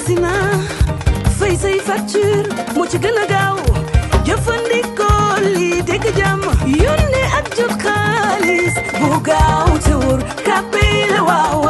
agsi na fay say facture moo ci gën a gaaw jëfandikoo lii dégg jàmm yónnee ak jot xaalis bu gaaw te wóor kàppee la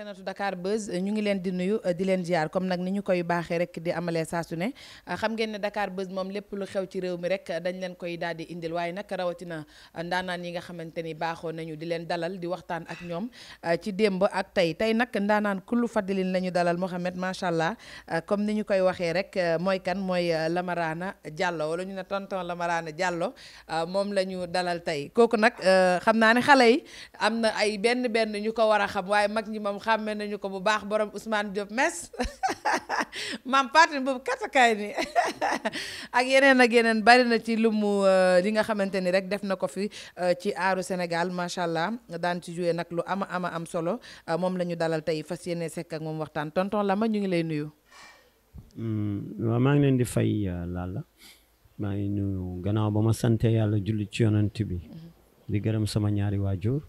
internetu Dakar Buzz ñu ngi leen di nuyu eh, di leen ziar comme nag ni ñu koy baaxee rek di amalee saa su ne eh, xam ngeen ne Dakar Buzz moom lépp leen koy daal di indil waaye nag rawatina eh, ndaanaan yi nga xamante ni baaxoo nañu di leen dalal di waxtaan ak ñoom ci démb ak tey tey nag ndaanaan kullu fadilin la ñu dalal Mohamed macha allah comme ni ñu koy waxee rek mooy kan mooy Lamarana Diallo wala ñu ne tonton Lamarana Diallo moom la ñu dalal tey kooku nag xam naa ne xale yi am na ay benn benn ñu ko war xam waaye mag ñi moom xàmme nañu ko bu baax borom Ousmane Diop mes maam parti boobu katakaay ni ak yeneen ak yeneen bari na ci lu mu euh, li nga xamante ni rek def na ko fi euh, ci aaru Sénégal macha allah daan ci joué nag lu ama ama am solo euh, moom la ñu dalal tey fas yéene sekk ak moom waxtaan tonton Lama ñu ngi lay nuyu. Hmm, waaw maa ngi leen di fay Lalla maa ngi nuyu gannaaw ba ma sante yàlla julli ci yonent bi mm-hmm. di gërëm sama ñaari waajur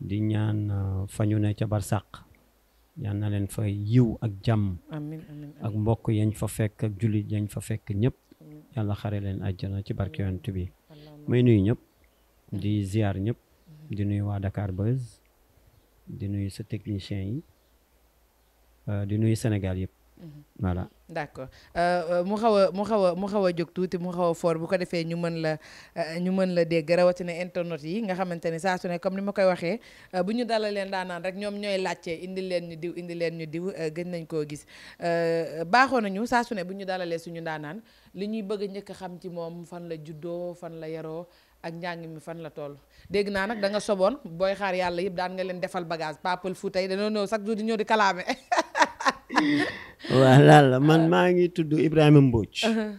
di ñaan uh, fa ñu ne ca barsàq ñaan na leen fa yiw ak jàmm ak mbokk yañ fa fekk ak jullit yañ fa fekk ñëpp yàlla xare leen àjjana ci barke yonent bi may nuyu ñëpp di ziar ñëpp di nuyu waa Dakar Buzz di nuyu sa technicien yi uh, di nuyu Sénégal yëpp Mhm. voilà d'accord euh, euh, mu xaw a mu xaw a mu xaw a jóg tuuti mu xaw a fort bu ko defee ñu mën la euh, ñu mën la dégg rawatina internet yi nga xamante ne saa su ne comme ni ma koy waxee bu ñu dala leen daanaan rek ñoom ñooy laajte indi leen ñu diw indi leen ñu diw gën nañ koo gis baaxoo nañu saa su ne bu ñu dalalee suñu daanaan li ñuy bëgg a njëkk xam ci moom fan la juddoo fan la yaroo ak njàng mi fan la toll dégg naa nag da nga soboon booy xaar yàlla yëpp daan nga leen defal bagage papal fu tey dañoo ñëw chaque jour di di kalaame waaw laal la man maa ngi tudd Ibrahima Mbodj. Uh-huh.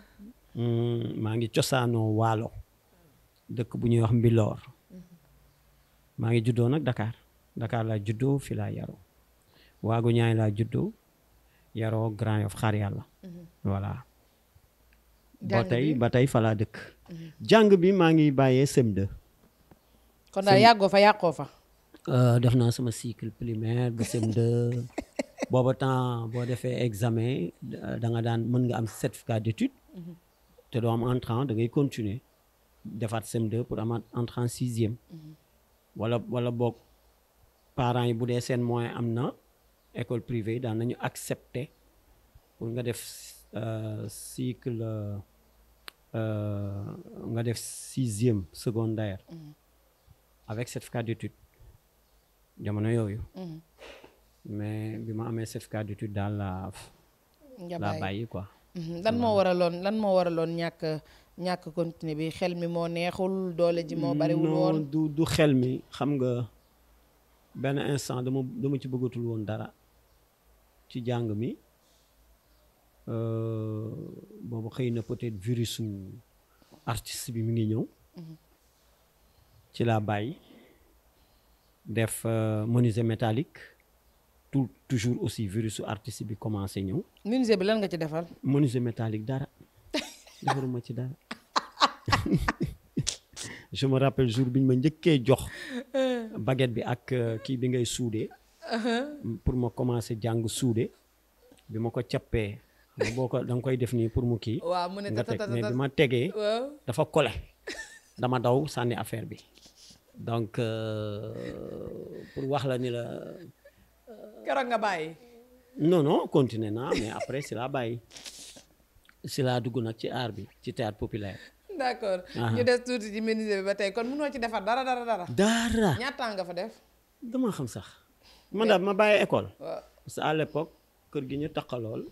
Mm, maa ngi cosaanoo waalo dëkk bu ñuy wax Mbilor. Uh-huh. maa ngi juddoo nag Dakar Dakar laa juddoo fi laa yaroo waagu ñaay laa juddoo yaroo Grand Yoff xaar yàlla uh-huh. voilà ba tey ba tey fa dëkk jàng bi maa ngi bàyyee CM2 kon daal yàggoo fa yàqoo fa euh, def naa sama cycle primaire ba cm booba temps boo defee examen euh, da nga daan mën nga am certificat d'étude mhm. te doo am entrant da ngay continuer defaat CM2 pour amaat entrant sixième mhm. wala wala boog parents yi bu dee seen moyen am na école privée daan nañu accepter pour nga def euh, cycle euh, nga def sixième secondaire mhm. avec certificat d'études jamono yooyu mais bi ma amee certificat d'étude daal laa laa bàyyi quoi mhm. lan moo waraloon lan moo waraloon ñàkk ñàkk continuer bi xel mi moo neexul doole ji moo bariwul woon du du xel mi xam nga benn instant dama dama ci bëggatul woon dara ci jàng mi euh, boobu xëy na peut-être virusu artiste bi mi ngi ñëw mhm. ci laa bàyyi def euh, menuisier métallique tout toujours aussi virus su bi commencé ñëw. menuisier bi lan nga ci defal. menuisier métallique dara defaruma ci dara je me jour bi ñu ma njëkkee jox euh. baguette bi ak euh, kii bi ngay suude uh-huh. pour ma commencé jàng suude bi ma ko cappee boo ko da koy def nii pour mu kii. waaw mu ne teg mais bi ma tegee. dafa kole dama daw sànni affaire bi. donc euh, pour wax la ni la. keroog nga bàyyi. non non continué naa mais après si laa bàyyi si laa dugg nag ci aar bi ci théâtre populaire. d' accord ñu des tuuti ci menuisier bi ba tey kon mënoo ci defar dara dara dara. dara ñaata nga fa def. damaa xam sax man daal ma bàyyi école. sa que à kër gi ñu taqalool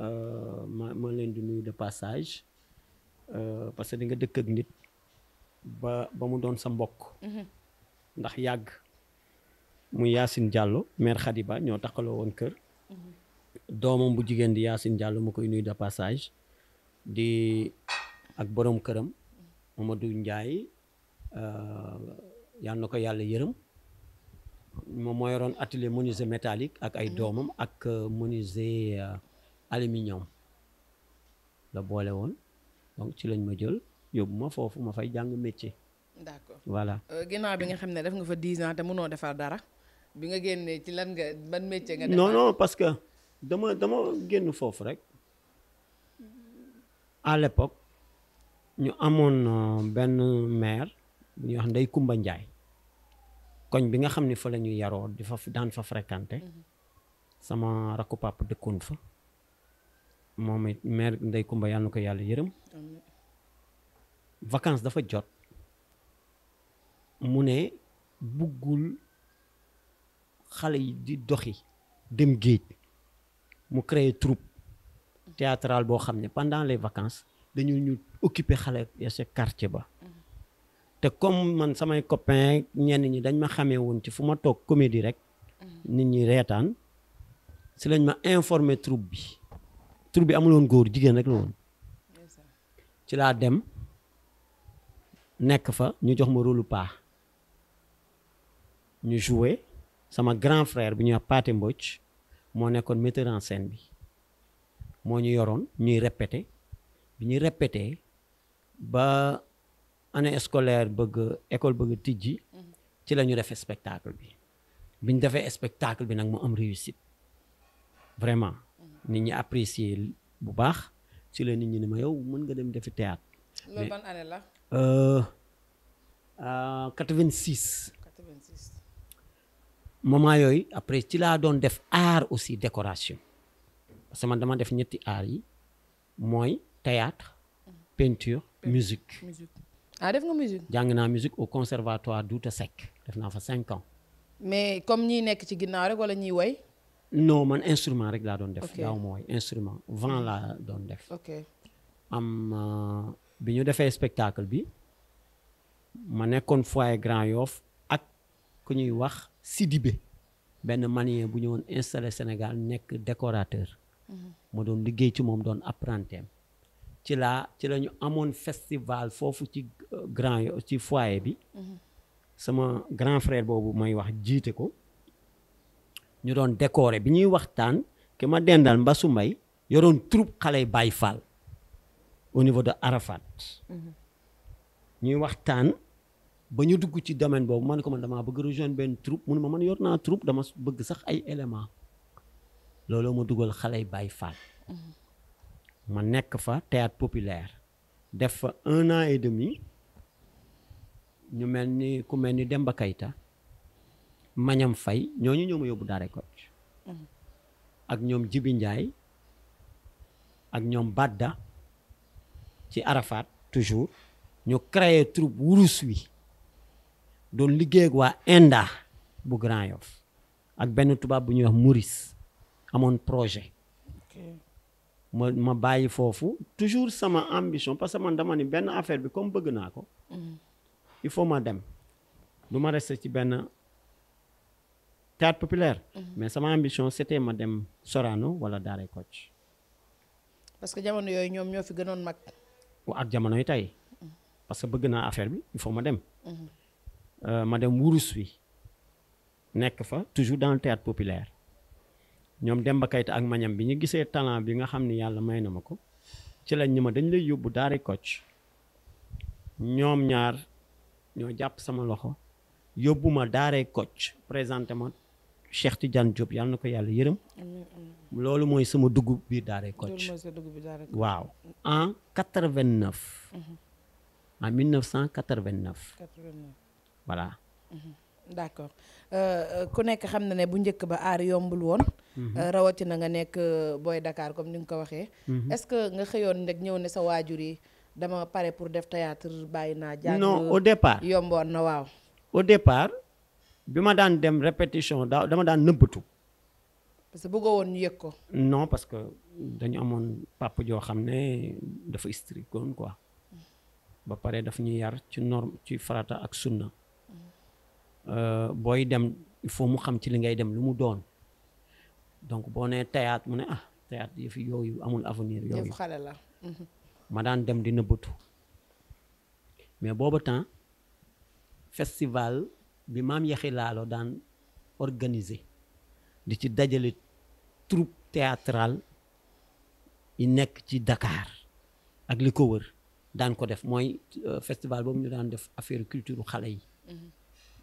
euh, ma ma leen di nuyu de passage euh, parce que di nga dëkk ak nit ba ba mu doon sa mbokk. Mhm. ndax yàgg. mu Yacine Diallo maire Khadiba ñoo taxaloo woon kër. Mhm. doomam bu jigéen di Yacine jàll mu koy nuyu de passage di ak boroom këram Mamadou Ndiaye euh, yal na ko yàlla yërëm moom moo yoroon atelier menuisier métallique ak ay mhm. doomam ak euh, menuisier euh, aluminium la boole woon donc ci lañ ma jël yóbbu ma foofu ma fay jàng métier. d'accord voilà. bi nga xam ne def nga fa 10 ans te mënoo defar dara. bi nga génnee ci lan nga ban métier nga. non non parce que dama dama génn foofu rek à ñu amoon euh, benn maire bu ñuy wax ndey Kumba Ndiaye koñ bi nga xam ni fa la ñu yaroo di fa daan fa fréquenté mm-hmm. sama rakku papa dëkkoon fa moom it maire Ndeye Kumba yàlla na ko yàlla yërëm vacances dafa jot mu ne buggul. xale yi di doxi dem géej mu créé troupe théâtrale boo xam ne pendant les vacances dañu ñu occuper xale ya sa quartier ba te comme man samay copin ñenn ñi dañ ma xamee woon ci fu ma toog comédie rek nit ñi reetaan si lañ ma informé troupe bi troupe bi amuloon góor jigéen rek la woon ci laa dem nekk fa ñu jox ma rôle paa ñu joué sama grand frère bi ñuy wax Pathé Mbodj moo nekkoon metteur en scène bi moo ñu yoroon ñuy répété bi ñuy répété ba année scolaire bëgg école bëgg tijji mhm. ci lañu ñu spectacle bi bi ñu defee spectacle bi nag mu am réussite vraiment mhm. nit ñi apprécier bu baax ci la nit ñi ne ma yow mën nga dem defi théâtre loolu ban année moment yooyu après ci laa doon def art aussi décoration parce que man dama def ñetti art yi mooy théâtre peinture musique. ah def nga musique. jàng naa musique au conservatoire Douta Seck def naa fa cinq ans. mais comme ñii nekk ci ginnaaw rek wala ñiy woy. no man instrument rek laa doon def. ok daaw mooy instrument vent laa doon def. ok am euh, bi ñu defee spectacle bi ma nekkoon foyer Grand Yoff ku ñuy wax Sidibé benn malien bu ñëwoon installé Sénégal nekk décorateur ma mhm. doon liggéey ci moom doon apprenteem ci laa ci la amoon festival foofu ci euh, grand ci foyer bi mhm. sama grand frère boobu may wax jiite ko ñu doon décoré bi ñuy waxtaan ki ma dendal Mbasu Mbay yoroon troupe xale bay Faal au niveau de Arafat mhm. ñuy waxtaan ba ñu dugg ci domaine boobu man ko man damaa bëgg rejoindre benn troupe mu ne ma man yor naa troupe dama bëgg sax ay élément looloo ma dugal xale Baay Faal mm-hmm. ma nekk fa théâtre populaire def fa un an et demi ñu mel ni ku mel ni Demba Kayta Mañam Fay ñooñu ñëw ma yóbbu Daaray Kocc mm-hmm. ak ñoom Jibi Njaay ak ñoom Badda ci Arafat toujours ñu créer troupe wurus wi doon liggéey ak waa Enda bu Grand Yoff ak benn tubaab bu ñuy wax muris amoon projet. ma ma bàyyi foofu toujours sama ambition parce que man dama ni benn affaire bi comme bëgg naa ko. Mm-hmm. il faut ma dem du ma rester ci benn théâtre mm-hmm. mais sama ambition c'était ma dem Sorano wala Daaray que jamono yooyu ñoom ñoo fi gënoon mag. ak jamonoy tey. Mm-hmm. parce que bëgg naa affaire bi il faut ma dem. Euh, ma dem wurus wi nekk fa toujours dans le populaire ñoom dem ba Kayta ak Mañam bi ñu gisee talent bi nga xam ni yàlla may na ma ko ci lañ ñu ma dañ lay yóbbu daari Kocc ñoom ñaar ñoo jàpp sama loxo yóbbu ma daaree Kocc présenté ma ti jan Diop yàlla na ko yàlla yërëm loolu mooy sama dugub biir daaree Kocc waaw en quatre vingt mhm. neuf en voilà. Mm-hmm. d'accord euh, euh, ku nekk xam na ne bu njëkk ba aar yombul woon. Mm-hmm. Euh, rawatina nga nekk booy dakaar comme ni nga ko waxee. Mm-hmm. est-ce que nga xëyoon rek ñëw ne sa waajur yi dama pare pour def théâtre bàyyi naa. jàng non au yomboon na waaw. au départ bi ma daan dem répétition daaw dama daan nëbbatu. parce que bëggoo woon ñu yëg ko. non parce que dañu amoon papa joo xam ne dafa strict woon quoi. ba pare daf ñu yar ci ci farata ak sunna. Euh, booy dem il faut mu xam ci li ngay dem lu mu doon donc boo nee théâtre mu ne ah théâtre yëf yooyu amul avenir yooyu xale la mhm. ma daan dem di nëbbatu mais booba temps festival bi maam yaxi laalo daan organiser di ci dajale troupe théâtrale yi nekk ci Dakar ak li ko wër daan ko def mooy euh, festival boobu ñu daan def affaire culture xale yi mhm.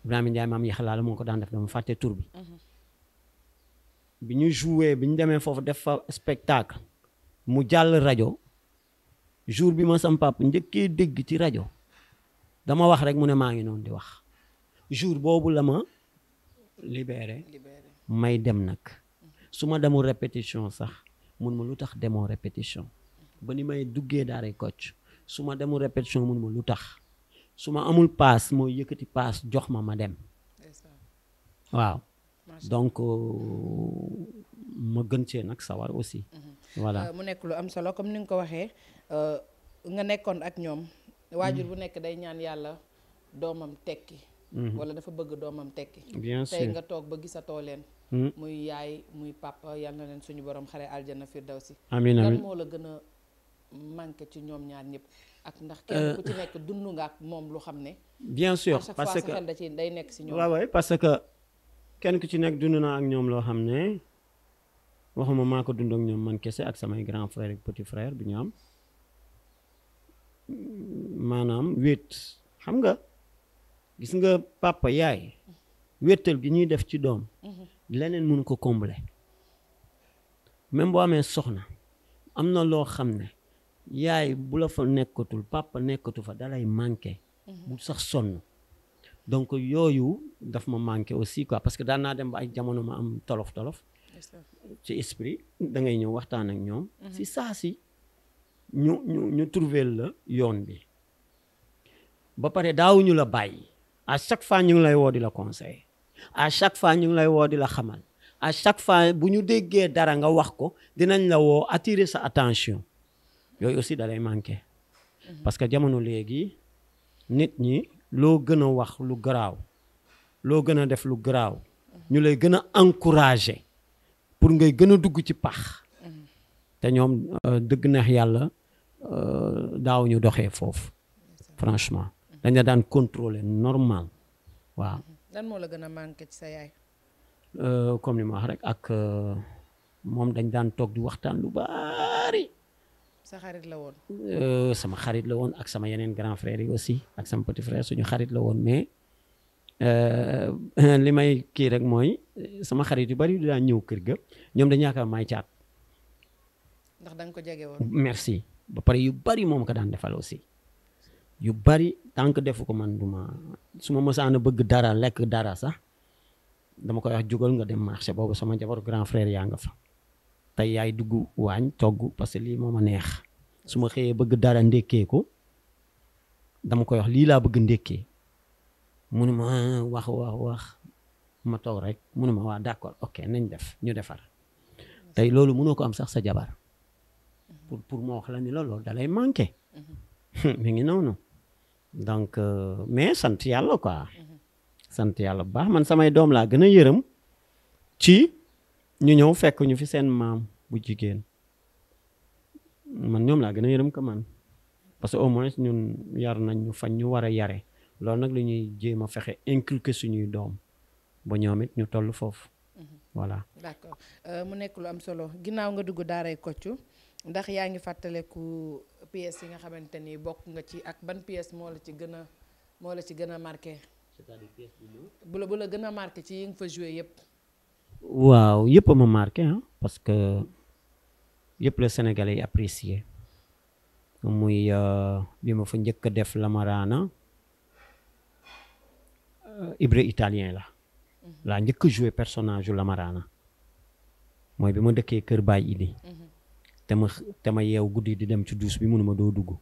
Ibrahima Ndiaye maam yaxalaa la moo ko daan def dama fàtte tur bi. Mhm. bi ñu joué bi ñu demee foofu def fa spectacle mu jàll rajo jour bi ma sam papa njëkkee dégg ci rajo dama wax rek mu ne maa ngi noonu di wax jour boobu la ma libéré may dem nag su ma demul répétition sax mun ma lu tax demoo répétition mhm. ba ni may duggee daaray Kocc su ma demul répétition mun ma lu tax. su ma amul paas mooy yëkkati paas jox ma ma dem waaw donc euh, ma gën cee nag sawar aussi mm-hmm. voilà euh, mu nekk lu am solo comme ni nga ko waxee euh, nga nekkoon ak ñoom mm-hmm. waajur bu nekk day ñaan yàlla doomam tekki mm-hmm. wala dafa bëgg doomam tekki bien sûr tey nga toog ba gisatoo leen muy yaay muy papa yàlla na leen suñu borom xare aljana firdawsi amiin amiin lan moo la gën a manqué ci ñoom ñaar ñëpp ak ndax kenn ku ci euh, nekk dund nga xam ne. bien sûr parce que da ci day nekk si ñoom. waaw waay parce que kenn ku ci nekk dund naa ak ñoom loo xam ne waxuma maa ko dund ak ñoom man kese ak samay grand frère ak petit frère bi ñu am maanaam wéet xam nga gis nga papa yaay wéetal gi ñuy def ci doom. Mhm. leneen mënu ko combler. même boo amee soxna am na loo xam ne. yaay bu la fa nekkatul papa nekkatu fa dalay manqué. Mhm. bu sax sonn donc yooyu daf ma manqué aussi quoi parce que daan naa dem ba ay jamono ma am tolof tolof. ci esprit da ngay ñëw waxtaan ak ñoom. Mhm. si saa si ñu ñu ñu la yoon bi. ba pare daawuñu la bàyyi à chaque fois ñu ngi lay woo di la conseil à chaque fois ñu ngi lay woo di la xamal à chaque fois bu ñu déggee dara nga wax ko dinañ la woo attirer sa attention. yooyu aussi dalay lay manqué. Mhm. parce que jamono léegi nit ñi loo gën a wax lu garaaw loo gën a def lu garaaw mhm. ñu lay gën a encouragé pour ngay gën a dugg ci pax. Mhm. te ñoom euh, dëgg neex yàlla euh, daaw ñu doxee foofu franchement dañ la daan contrôler normal waaw. lan moo la gën a manqué ci sa yaay. Euh, comme li ma wax rek ak moom dañ daan toog di waxtaan lu bari. sa xarit la woon. Euh, sama xarit la woon ak sama yeneen grand frère yi aussi ak sama petit frère suñu xarit la woon mais euh, li may kii rek mooy sama xarit yu bari daan ñëw kër ga ñoom dañu yaakaar may ndax da ko jege woon. merci ba pare yu bari moom ko daan defal aussi. yu bari tant que defu ko man du ma su ma mosaan a bëgg dara lekk dara sax dama koy wax jugal nga dem marché boobu sama jabar grand frère yaa nga fa. tey yaay dugg waañ togg parce que lii moo ma neex su ma xëyee bëgg dara ndékkee ko dama koy wax lii laa bëgg ndékkee mu ma ah, wax wax ma toog rek mu ne ma waa d'accord ok nañ def ñu defar tey loolu mënoo ko am sax sa jabar pour pour moo wax la ni la loolu dalay manqué mi ngi noonu donc euh, mais sant yàlla quoi mhm. sant bu baax man samay doom laa gën a yërëm ci ñu ñëw fekk ñu fi seen maam bu jigéen man ñoom laa gën a yërëm ka man parce que au moins ñun yar nañ ñu fañ ñu war a yare loolu nag lu ñuy jéem a fexe inculquer suñuy doom ba ñoom it ñu toll foofu voilà. d'accord euh, mu nekk lu am solo ginnaaw nga dugg daaray Kocc ndax yaa ngi fàttaleku pièces yi nga xamante ni bokk nga ci ak ban pièce moo la ci gën a moo la ci gën a marqué. c'est-à-dire bu la bu la gën a marqué ci yi nga fa joué yépp waaw yëpp ma marqué parce que yëpp la Sénégalais yi apprécié muy euh, bi ma fa njëkk a def Lamarana euh, Ibra italien la mhm. laa njëkk a joué personnage yu mooy bi ma dëkkee kër Baay Idi mhm. te ma te ma yeew guddi di dem ci douche bi ma doo dugg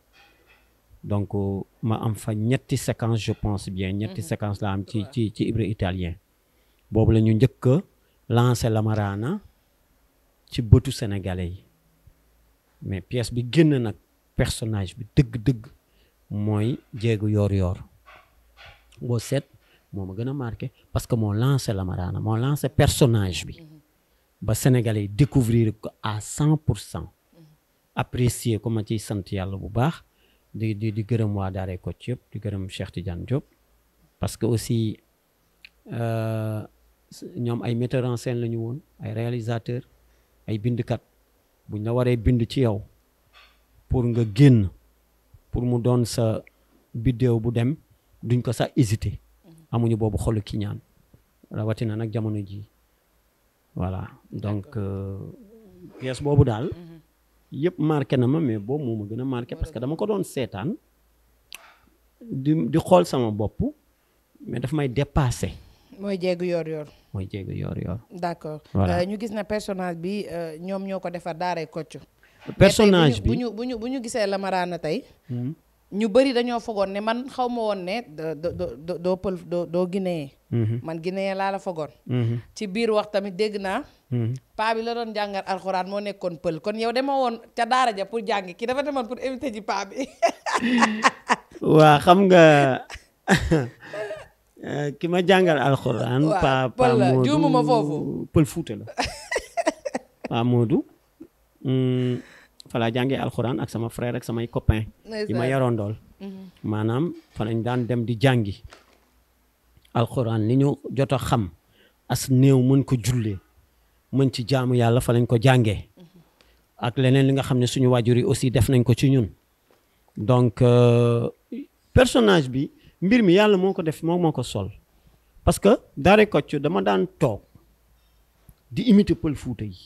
donc euh, ma am fa ñetti séquence je pense bien ñetti mhm. séquence la am ci ci ci italien boobu la ñu njëkk lancé Lamarana ci bëtu sénégalais yi mais pièce bi génn nag personnage bi dëgg-dëgg mooy jéegu yoor-yoor boo seet moo ma gën a marqué parce que moo lancé Lamarana moo lancé personnage bi mm-hmm. ba sénégalais yi découvrir ko à cent pour cent mm-hmm. apprécier ko ma ciy sant yàlla bu baax di di di gërëm waa ko ci yëpp di gërëm Cheikh Tidiane Diop parce que aussi. Euh, ñoom ay metteur en scène la woon ay réalisateur ay bindkat buñ la waree bind ci yow pour nga génn pour mu doon sa biddéew bu dem duñ ko sax hésité mhm. amuñu boobu xolu ki ñaan rawatina nag jamono ji voilà donc euh, pièce boobu daal mhm. yëpp marqué na ma mais boobu moo ma gën a marqué parce que dama ko doon seetaan ah. di di xool sama bopp mais daf may dépassé mooy jéegu yor-yor. mooy jéegu yor-yor. d'accord euh, ñu gis na personnage bi euh, ñoom ñoo ko defar daaray kocc. personnage bu ñu ñu bu ñu gisee Lamarana tey. Hmm. ñu bari dañoo fogoon ne man xaw ma woon ne doo doo pël doo doo hmm. man Guinée laa la fogoon. Hmm. ci biir wax tamit dégg naa. paa bi la doon jàngal alxuraan moo nekkoon pël kon yow dema woon ca daara ja pour jàng ki dafa demoon pour éviter ji paa bi. waa xam nga. Euh, ki ma jàngal alxuraan. waaw Pël la juumuma foofu Pël Fuuta la. Paa Modou. Mm, fa laa jàngee alxuraan ak sama frère rek samay copain yi ma yaroon dool mhm. maanaam fa lañ daan dem di jàngi. alxuraan li ñu jot a xam as néew mën ko jullee mën ci jaamu yàlla fa lañ ko jàngee. Mhm. ak leneen li nga xam ne suñu waajur yi aussi def nañ ko ci ñun. donc euh, personnage bi. mbir mi yàlla moo ko def moom moo ko sol parce que Daaray Kocc dama daan toog di imiter pël Fuuta yi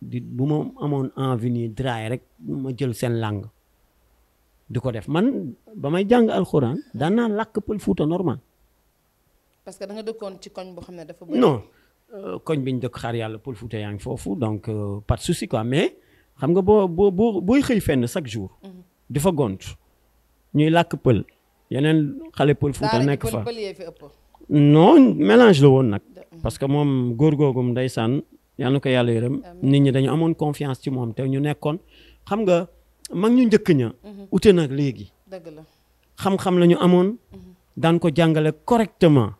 di bu ma amoon envie nii draay rek ma jël seen langue di ko def man ba may jàng alxuraan daan naa làkk pël Fuuta normal. parce que da nga dëkkoon ci koñ boo xam ne dafa. non euh, koñ bi ñu dëkk xaar yàlla pël Fuuta yaa ngi foofu donc euh, pas de souci quoi mais xam nga boo boo boo booy xëy fenn chaque jour. Mhm. di fa gont ñuy làkk pël. yeneen xale pël Fuuta nekk fa non mélange la woon nag mhm. parce que moom góor googum ndeysaan yal na ko yàlla yërëm nit ñi dañu amoon confiance ci moom te ñu nekkoon xam nga mag ñu njëkk ña mhm. ute nag léegi dëgg la xam-xam la amoon mhm. daan ko jàngale correctement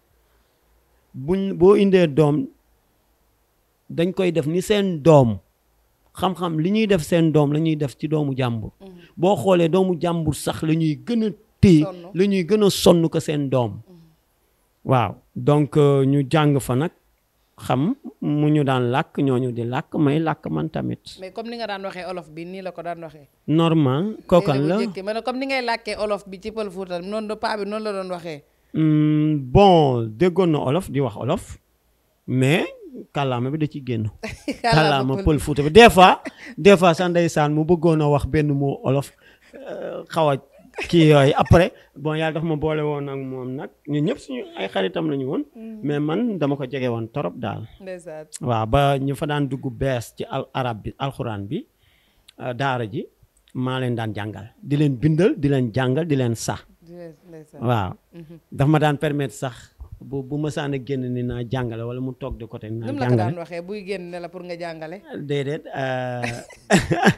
buñ boo indee doom dañ koy def ni seen doom xam-xam li ñuy def seen doom la ñuy def ci doomu jàmbur boo xoolee doomu jàmbur sax la ñuy pays lu ñuy gën a sonn ko seen doom mm-hmm. waaw donc euh, ñu jàng fa nag xam mu ñu daan làkk ñu di làkk may làkk man tamit. mais comme ni nga daan waxee olof bi nii la ko daan waxee. normal kookan la mais comme ni ngay làkkee olof bi ci pël Fuuta noonu la noonu la doon waxee. Hmm, bon déggoon na olof di wax olof mais kàllaama bi da ci génn. kàllaama pël Fuuta bi des fois des fois mu bëggoon wax benn moo olof euh, xaw kii yooyu après bon yàlla daf ma boole woon ak moom nag ñun ñëpp suñu ay xaritam la ñu woon. Mm. mais man dama ko jege woon torop daal. waaw ba ñu fa daan dugg bees ci al arab bi alxuraan bi euh, daara ji maa leen daan jàngal di leen bindal di leen jàngal di leen sax. waaw mm-hmm. dafa ma daan permettre sax. bu bu ma a génn ni naa jàngale wala mu toog de côté. naa jàngale buy génn ne la pour nga jàngale. déedéet euh,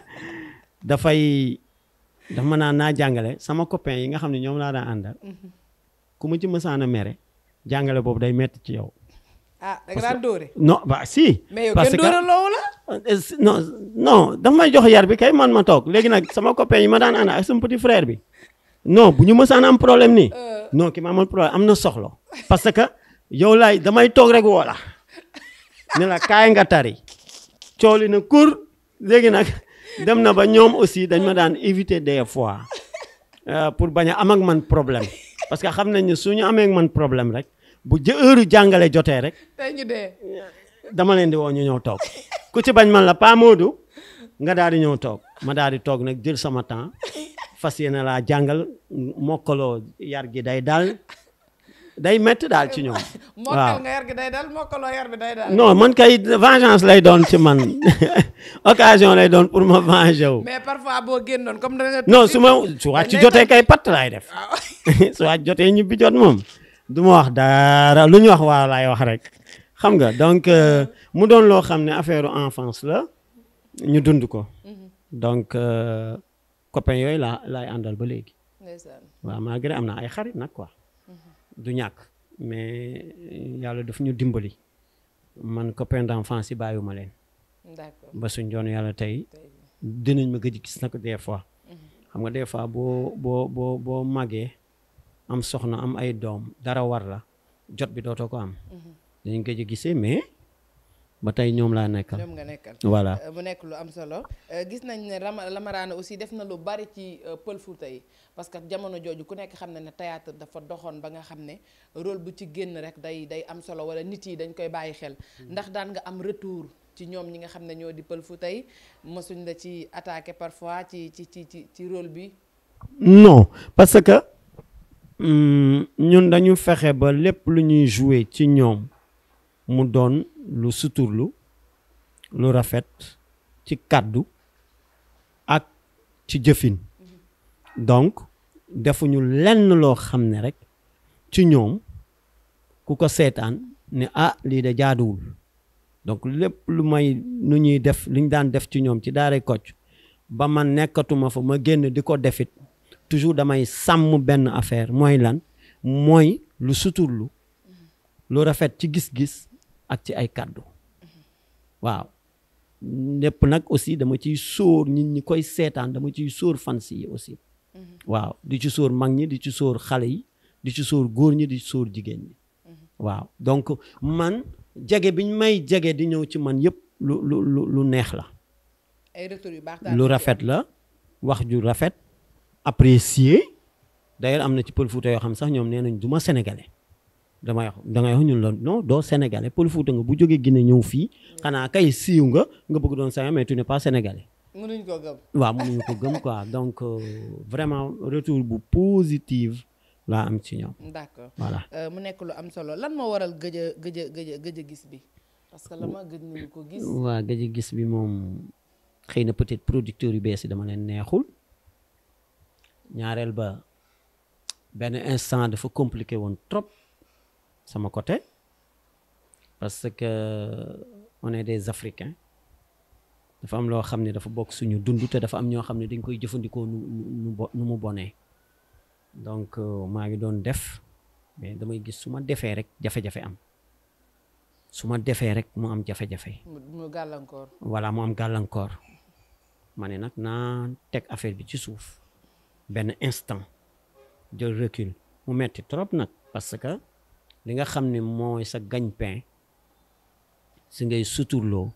dafay daf ma naan naa jàngale sama copain yi nga xam ne ñoom laa daan àndal. ku ma ci mësaan a mere jàngale boobu day metti ci yow. ah da nga daan dóore. non ba si. mais yow kenn dóoraloo euh, may jox yar bi kay man ma toog léegi nag sama copain yi ma daan ànd ak sama petit frère bi non bu ñu mësaan am problème nii. Euh. non ki ma amoon problème am na soxlo parce que yow lay damay toog rek woo la ne la kaay nga tari cooli kur léegi nag. dem na ba ñoom aussi dañ ma daan éviter des fois euh, pour bañ a am ak man problème parce que xam nañ ne su ñu amee ak man problème rek bu jë heure jàngale jotee rek. dama leen di woo ñu ñëw toog ku ci bañ man la Pa du nga daal di ñëw toog ma daal di toog nag jël sama temps fas yéene laa jàngal mokkaloo yar gi day daal day métti daal ci ñoom. waaw mokkal nga day dal mokkaloo bi day dal. non man kay vengeance lay doon ci man occasion lay doon pour ma venger wu. mais boo génnoon comme da su ma su wàcc jotee kay patt raay def su wàcc jotee ñibbi jot moom du ma wax dara lu ñu wax waa wax rek xam nga donc euh, mu doon loo xam ne affaire enfance la ñu dund ko mhm. donc euh, copain yooyu laa laay àndal ba léegi. waaw malgré am na ay xarit nag quoi. du ñàkk mais euh, yàlla daf ñu dimbali man copain d'enfance si bàyyiwuma leen. ba suñ doon yàlla tey dinañ ma gëj gis nag des fois. Mhm. xam nga des fois boo boo boo boo màggee am soxna am ay doom dara war la jot bi dootoo ko am. Mhm. dañu gëj gisee mais. ba tey ñoom laa nekkal ñoom nga nekkal voilà euh, mu nekk lu am solo euh, gis nañ ne Lamarana aussi def na lu bari ci euh, pël Fuuta yi parce que jamono jooju ku nekk xam ne ne théâtre dafa doxoon ba nga xam ne rôle bu ci génn rek day day am solo wala nit yi dañ koy bàyyi xel hmm. ndax daan nga am retour ci ñoom ñi nga xam ne ñoo di pël Fuuta yi mosuñ la ci attaqué parfois ci ci ci ci ci rôle bi non parce que hmm, ñun dañu fexe ba lépp lu ñuy jouer ci ñoom mu doon lu suturlu lu rafet ci kàddu ak ci jëfin donc defuñu lenn loo xam ne rekk ci ñoom ku ko seetaan ni ah lii de jaaduwul donc lépp lu may nu ñuy def li ñu daan def ci ñoom ci daaray Kocc ba ma nekkatuma fa ma génn di ko defit toujours damay sàmm benn affaire mooy lan mooy lu suturlu lu rafet ci gis-gis ak ci ay kàddu waaw lépp nag aussi dama ciy soor nit ñi koy seetaan dama ciy sóor fans yi aussi waaw di ci sóor mag ñi di ci soor xale yi di ci sóor góor ñi di ci sóor jigéen ñi waaw donc man jege biñ may jege di ñëw ci man yëpp lu lu lu neex la ay retour yu baax lu rafet la wax ju rafet apprécié d'ailleurs am na ci pël Fuuta yoo xam sax ñoom nee nañ du ma sénégalais damay wax dangay wax ñun la non doo sénégalais pël Fuuta nga bu jógee Guinée ñëw fii xanaa kay siiw nga nga bëgg doon sénégalais mais tu n'es pas sénégalais. mënuñ ko gëm. waaw mënuñ ko gëm donc euh, vraiment retour bu positive laa am ci ñoom. d'accord voilà euh, mu nekk lu am solo lan moo waral gëj a gëj a gëj a a gis bi. parce que la ma ko gis. gis bi moom xëy na peut-être producteurs yu bees yi dama leen neexul ñaareel ba benn instant dafa compliqué woon trop. sama côté parce que on est des africains dafa am loo xam ne dafa bokk suñu dund dafa am ñoo xam ne dañ koy jëfandikoo nu nu mu bonee donc euh, maa ngi doon def mais damay gis su ma defee rek jafe-jafe am su ma defee rek mu am jafe-jafe. mu gàllankoor. voilà mu am gàllankoor ma ne nag naa teg affaire bi ci suuf benn instant jël recul mu metti trop nag parce que. li nga xam ne mooy sa gagne-pain si ngay suturloo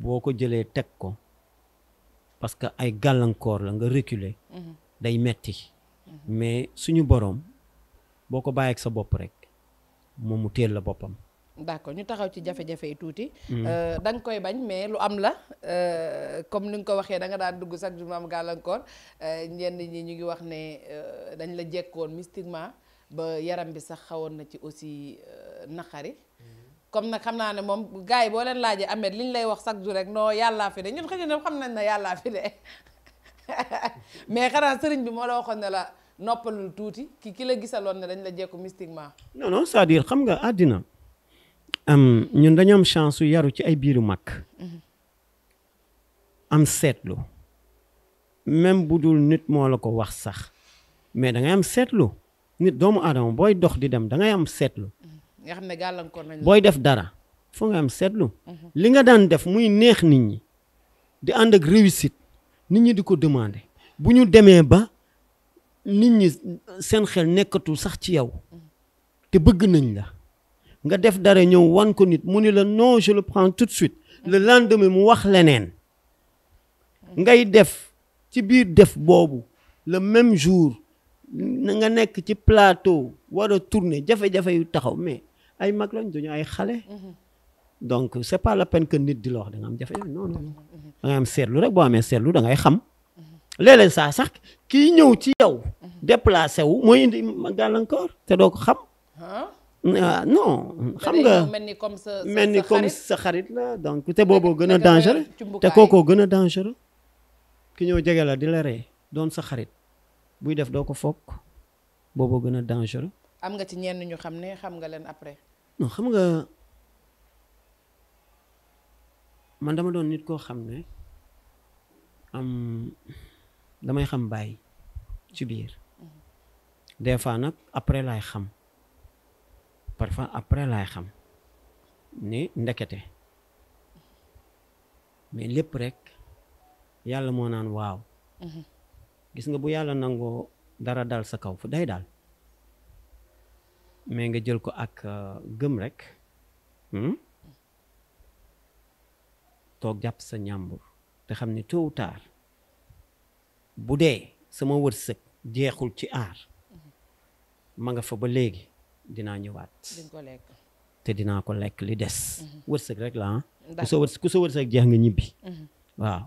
boo ko jëlee teg ko parce que ay gàllankoor la nga reculer mhm. day metti mhm. mais suñu boroom boo ko bàyyeek sa bopp rek moom mu téel la boppam d'accord ñu taxaw ci jafe-jafe yi tuuti mhm. euh, da nga koy bañ mais lu am la euh, comme ni nga ko waxee da nga daan dugg sax du ma am gàllankoor euh, ñenn ñi ñu ngi wax ne dañ la jekkoon mystiquement ba yaram bi sax xawoon na ci aussi euh, naqari mm-hmm. comme nag xam naa ne moom gars yi boo leen laajee Ameth li ñu lay wax chaque jour rek non yàllaa fi de ñun xëy na xam nañ na yàllaa fi de mais xanaa sëriñ bi moo la waxoon ne la noppalul tuuti ki ki la gisaloon ne dañ la jekku mystiquement. non non cest à xam nga àddina ñun dañoom chance yu yaru ci ay biiru mag. Mm-hmm. am seetlu même bu dul nit moo la ko wax sax mais da am seetlu. nit doomu aadama booy dox di dem da ngay am seetlu. nga xam ne gàllankoor nañ booy def dara foo nga am seetlu. Mhm. li nga daan def muy neex nit ñi di ànd ak réussite nit ñi di ko demande bu ñu demee ba nit ñi seen xel nekkatul sax ci yow mhm. te bëgg nañ la nga def dara ñëw wan ko nit mu ni la non je le prends tout de suite mhm. le lendemain mu wax leneen ngay def ci biir def boobu le même jour. nga nekk ci plateau war a tourner jafe-jafe yu taxaw mais ay mag lañ duñu ay xale. Mm-hmm. donc c'est pas la peine que nit di la wax da am jafe-jafe non non mm-hmm. da nga am seetlu rek boo amee seetlu da ngay xam. Mm-hmm. léeg-léeg saa sax kii ñëw ci yow. déplacé wu mooy indi gàllankoor te doo ko xam. Ah, non xam nga mel ni comme sa mel ni comme sa xarit la donc te booboo gën a dangereux te kookoo gën a dangereux ki ñëw jege la di la ree doon sa xarit. buy def doo ko foog booboo gën a dangereux. am nga ci ñenn ñu xam ne xam nga leen après. xam nga man dama doon nit koo xam ne am damay xam bàyyi ci biir. Mm-hmm. des fois nag après laay xam parfois après laay xam ni ndekete mm-hmm. mais lépp rek yàlla moo naan waaw. Mm-hmm. gis nga bu yàlla nangoo dara dal sa kaw fu day daal mais nga jël ko ak euh, gëm rek hmm? toog jàpp sa ñàmbur te xam ni tôt ou tard bu dee sama wërsëg jeexul ci aar ma nga fa ba léegi dinaa ñëwaat te dinaa ko lekk li des mhm. wërsëg rek la ah ku sa wërsëg ku sa wërsëg jeex nga ñibbi mhm. waaw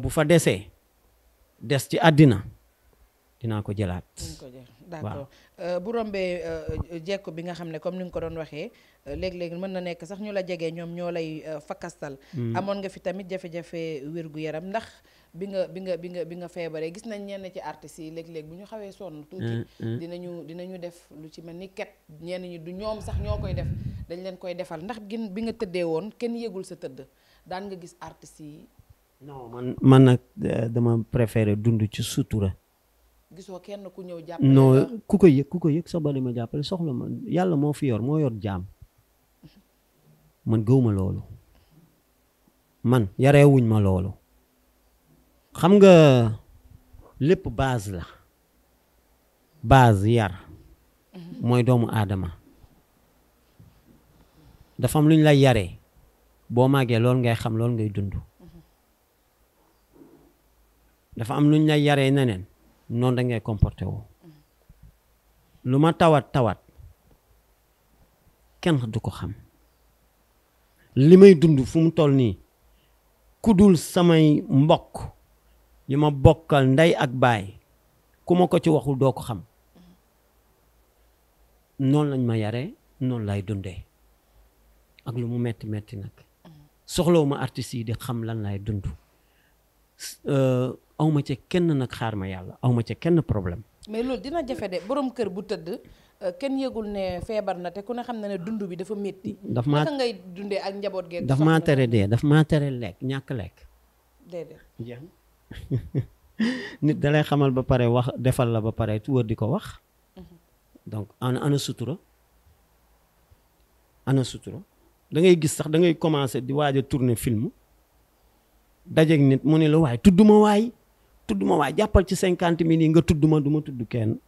bu fa desee des ci àddina dinaa ko jëlaat. d'accord euh, bu rombee euh, jekku bi nga xam ne comme ni nga ko doon waxee euh, léeg-léeg mën na nekk sax ñu la jege ñoom ñoo lay fakkastal hmm. amoon nga fi tamit jafe-jafe wér-gu-yaram ndax bi nga bi nga bi nga bi nga feebaree gis nañ ñenn ci artistes yi léeg-léeg bu ñu xawee sonn tuuti. Hmm, hmm. dinañu dinañu def lu ci mel ni ket ñenn ñi du ñoom sax ñoo koy def dañ leen koy defal ndax gin bi nga tëddee woon kenn yëgul sa tëdd daan nga gis artistes yi. non man man nag euh, dama préféré dund ci sutura. gisoo kenn ku ñëw jàppale non ku ko yëg ku ko ma jàppale soxla ma yàlla moo fi yor moo yor jaam man gëwma loolu man yarewuñ ma loolu. xam nga lépp baas la base yar mooy doomu aadama dafa am lu ñu lay yaree boo màggee loolu ngay xam loolu ngay dund. dafa am lu ñu lay yaree neneen noonu da ngay comporté woo lu ma tawat tawat kenn du ko xam li may dund fu mu toll nii ku dul samay mbokk yu ma bokkal ndey ak baay ku ma ko ci waxul doo ko xam noonu lañ ma yare noonu lay dundee ak lu mu metti metti nag soxlawuma artistes yi di xam lan lay dund euh, aw ma ca kenn nag xaar ma yàlla aw ma ca kenn problème. mais loolu dina jafe de boroom kër bu tëdd. Euh, kenn yëgul ne feebar na te ku ne xam ne ne dund bi dafa métti. daf maa dundee ak njaboot geeg. daf maa tere de daf maa tere lekk ñàkk lekk. nit dalay xamal ba pare wax defal la ba pare wër di ko wax. Mhm. donc ana ana sutura ana sutura da ngay gis sax da ngay commencer di waaj a tourner film dajeeg nit mu ne la waay ma waay tudd ma waaye jàppal ci cinquante mille yi nga tudd ma du ma tudd kenn.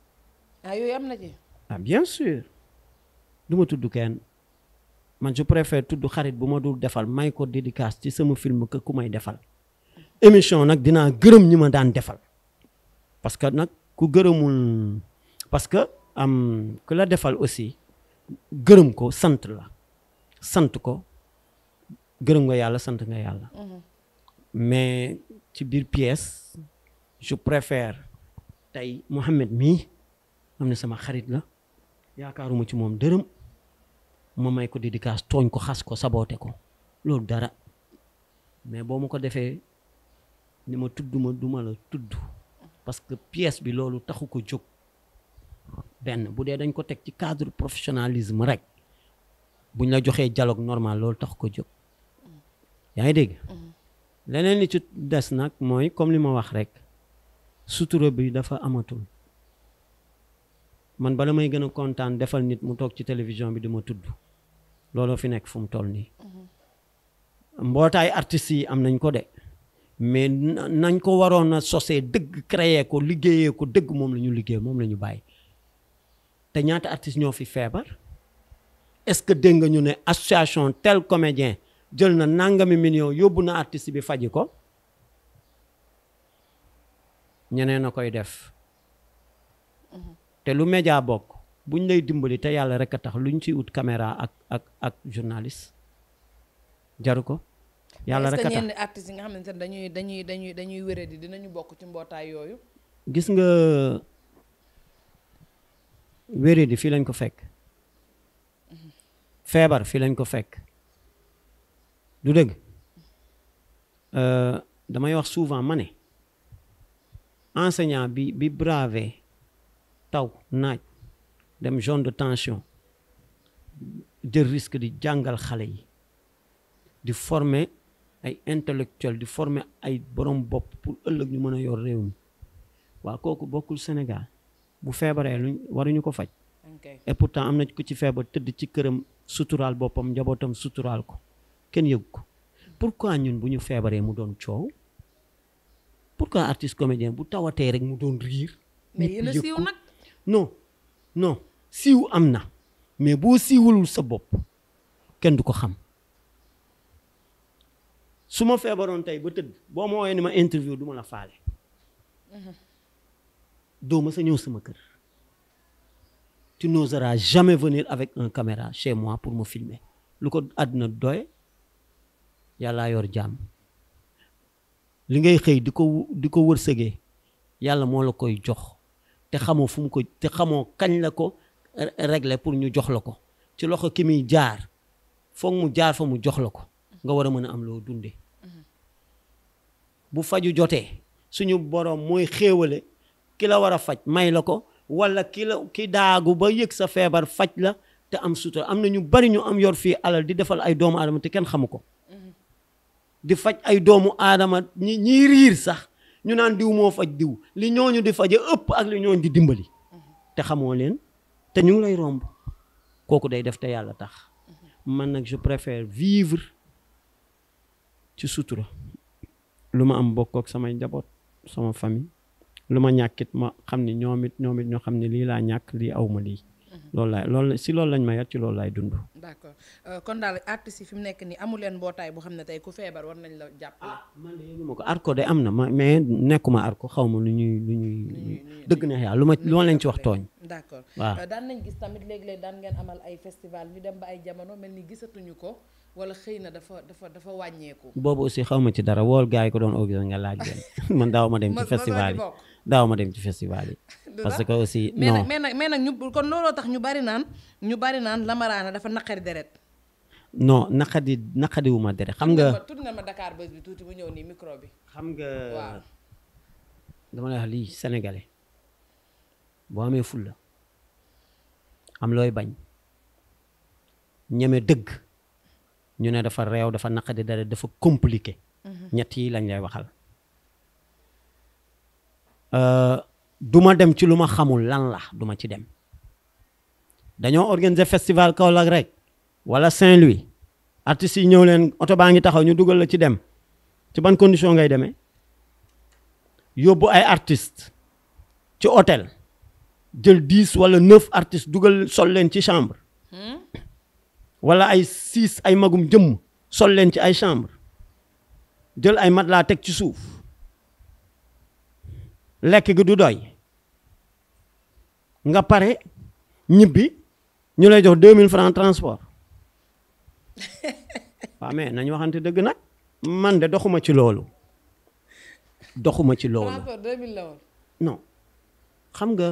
ah yooyu am na ci. ah bien sûr du ma tudd kenn man je préfère tudd xarit bu ma dul defal may ko dédicace ci sama film que ku may defal émission nag dinaa gërëm ñi ma daan defal parce que nag ku gërëmul parce que am ku la defal aussi gërëm ko sant la sant ko gërëm nga yàlla sant nga yàlla. Mhm. mais ci biir pièce. je préfère tey Mouhamed mii xam na sama xarit la yaakaaruma ci moom dërëm ma may ko dédicace tooñ ko xas ko saboote ko loolu dara mais boo ma ko defee ni ma tudd ma duma la tudd parce que pièce bi loolu taxu ko jóg benn bu dee dañ ko teg ci cadre professionnalisme rek buñ la joxee jaloog normal loolu taxu ko jóg yaa ngi dégg mm. leneen li ci des nag mooy comme li ma wax rek sutura bi dafa amatul man bala may gën a kontaan defal nit mu toog ci télévision bi di ma tudd looloo fi nekk fu mu toll nii mm-hmm. mbootaay artistes yi am nañ ko de mais nañ ko waroon a sosee dëgg créer ko liggéeyee ko dëgg moom la ñu liggéey moom la ñu bàyyi te ñaata artistes ñoo fi feebar est-ce que dégg nga ñu ne association tel comédien jël na nangami million yóbbu na artiste bi faji ko ñeneen a koy def mhm. te lu média bokk buñ lay dimbali te yàlla rek a tax lu luñ ci ut caméra ak ak ak journaliste jaru ko. yàlla rek a tax yi nga xamante ne dañuy dañuy dañuy dañuy wéradi dinañu bokk ci mbootaay yooyu. gis nga wéradi fii lañ ko fekk. Mhm. feebar fii lañ ko fekk. du dëgg euh, damay wax souvent ma ne. enseignant bi bi bravé taw naaj dem zone de tension jël risque di jàngal xale yi di former ay intellectuel di former ay borom bopp pour ëllëg ñu mën a yor réew mi waa kooku bokkul Sénégal bu feebaree lu waruñu ko faj. et pourtant am na ko ci feebar tëdd ci këram suturaal boppam njabootam suturaal ko kenn yëgu ko pourquoi ñun bu ñu feebaree mu doon coow. pour pourquoi artiste comédien bu tawatee rek mu doon riir. mais yéen a siiw nag. non non siiw am na mais boo siiwalul sa bopp kenn du ko xam su ma feebaroon tey ba tëdd boo ma woowee ni ma interview du ma la faale. doo ma sa ñëw sama kër. tu n'oseras jamais venir avec un caméra chez moi pour me filmer lu ko àdduna doy yàllaa yor jàmm. li ngay xëy di ko di ko wërsëgee yàlla moo la koy jox te xamoo fu mu ko te xamoo kañ la ko régler pour ñu jox la ko ci loxo ki muy jaar foog mu jaar fa mu jox la ko nga war a mën a am loo dundee bu faju jotee suñu borom mooy xéewale ki la war a faj may la ko wala ki la ki daagu ba yëg sa feebar faj la te am sutura am na ñu bari ñu am yor fii alal di defal ay doomu aadama te kenn xamu ko di faj ay doomu aadama ñi ñiy riir sax ñu naan diw moo faj diw li ñooñu di faje ëpp ak li ñooñu di dimbali te xamoo leen te ñu ngi lay romb kooku day def te yàlla tax man nag je préfère vivre ci sutura lu ma am bokk samay njaboot sama famille lu ma ñàkkit ma xam ni ñoom it ñoom it ñoo xam ne lii laa ñàkk lii aw ma lii loolu laay loolu si loolu lañ ma yar ci loolu laay dund. d'accord euh, kon daal artistes yi fi mu nekk nii amu leen mbootaay boo xam ne tey ku feebar war nañ la jàppale. ah am na ma mais nekkuma arco xaw ma lu ñuy lu ñuy. dëgg neex yaa lu ma loolu lañ ci wax tooñ. d'accord waaw euh, daan nañ gis tamit léeg-léeg daan ngeen amal ay festival ñu dem ba ay jamono mel ni gisatuñu ko. wala xëy na dafa dafa dafa wàññeeku. boobu aussi xaw ma ci dara wool gars yi ko doon organisé nga laaj leen man daaw ma dem ci festival yi daaw ma dem ci festival yi. parce que aussi non mais nag mais nag ñu kon looloo tax ñu bari naan ñu bari naan lamaraana dafa naqari deret. non naqadi naqadi ma deret xam nga. tudd nga ma Dakar bés tuuti mu ñëw nii micro bi. xam nga waaw. dama lay wax lii sénégalais boo amee ful la am looy bañ ñeme dëgg ñu ne dafa réew dafa naqadi deret dafa compliqué. Mhm. ñett yi lañ lay waxal. Euh, du ma dem ci lu ma xamul lan la duma ci dem dañoo organiser festival Kaolack rek wala Saint-Louis artistes yi ñëw leen oto baa ngi taxaw ñu dugal la ci dem ci ban condition ngay demee yóbbu ay artistes ci otel jël dix wala neuf artistes dugal sol leen ci chambre hmm? wala ay six ay magum jëmm sol leen ci ay chambre jël ay mat laa teg ci suuf lekk gi du doy nga pare ñibbi ñu lay jox 2000 francs transport waaw mais nañu waxante dëgg nag man de doxuma ci loolu doxuma ci loolu. transport 2000 la woon. xam nga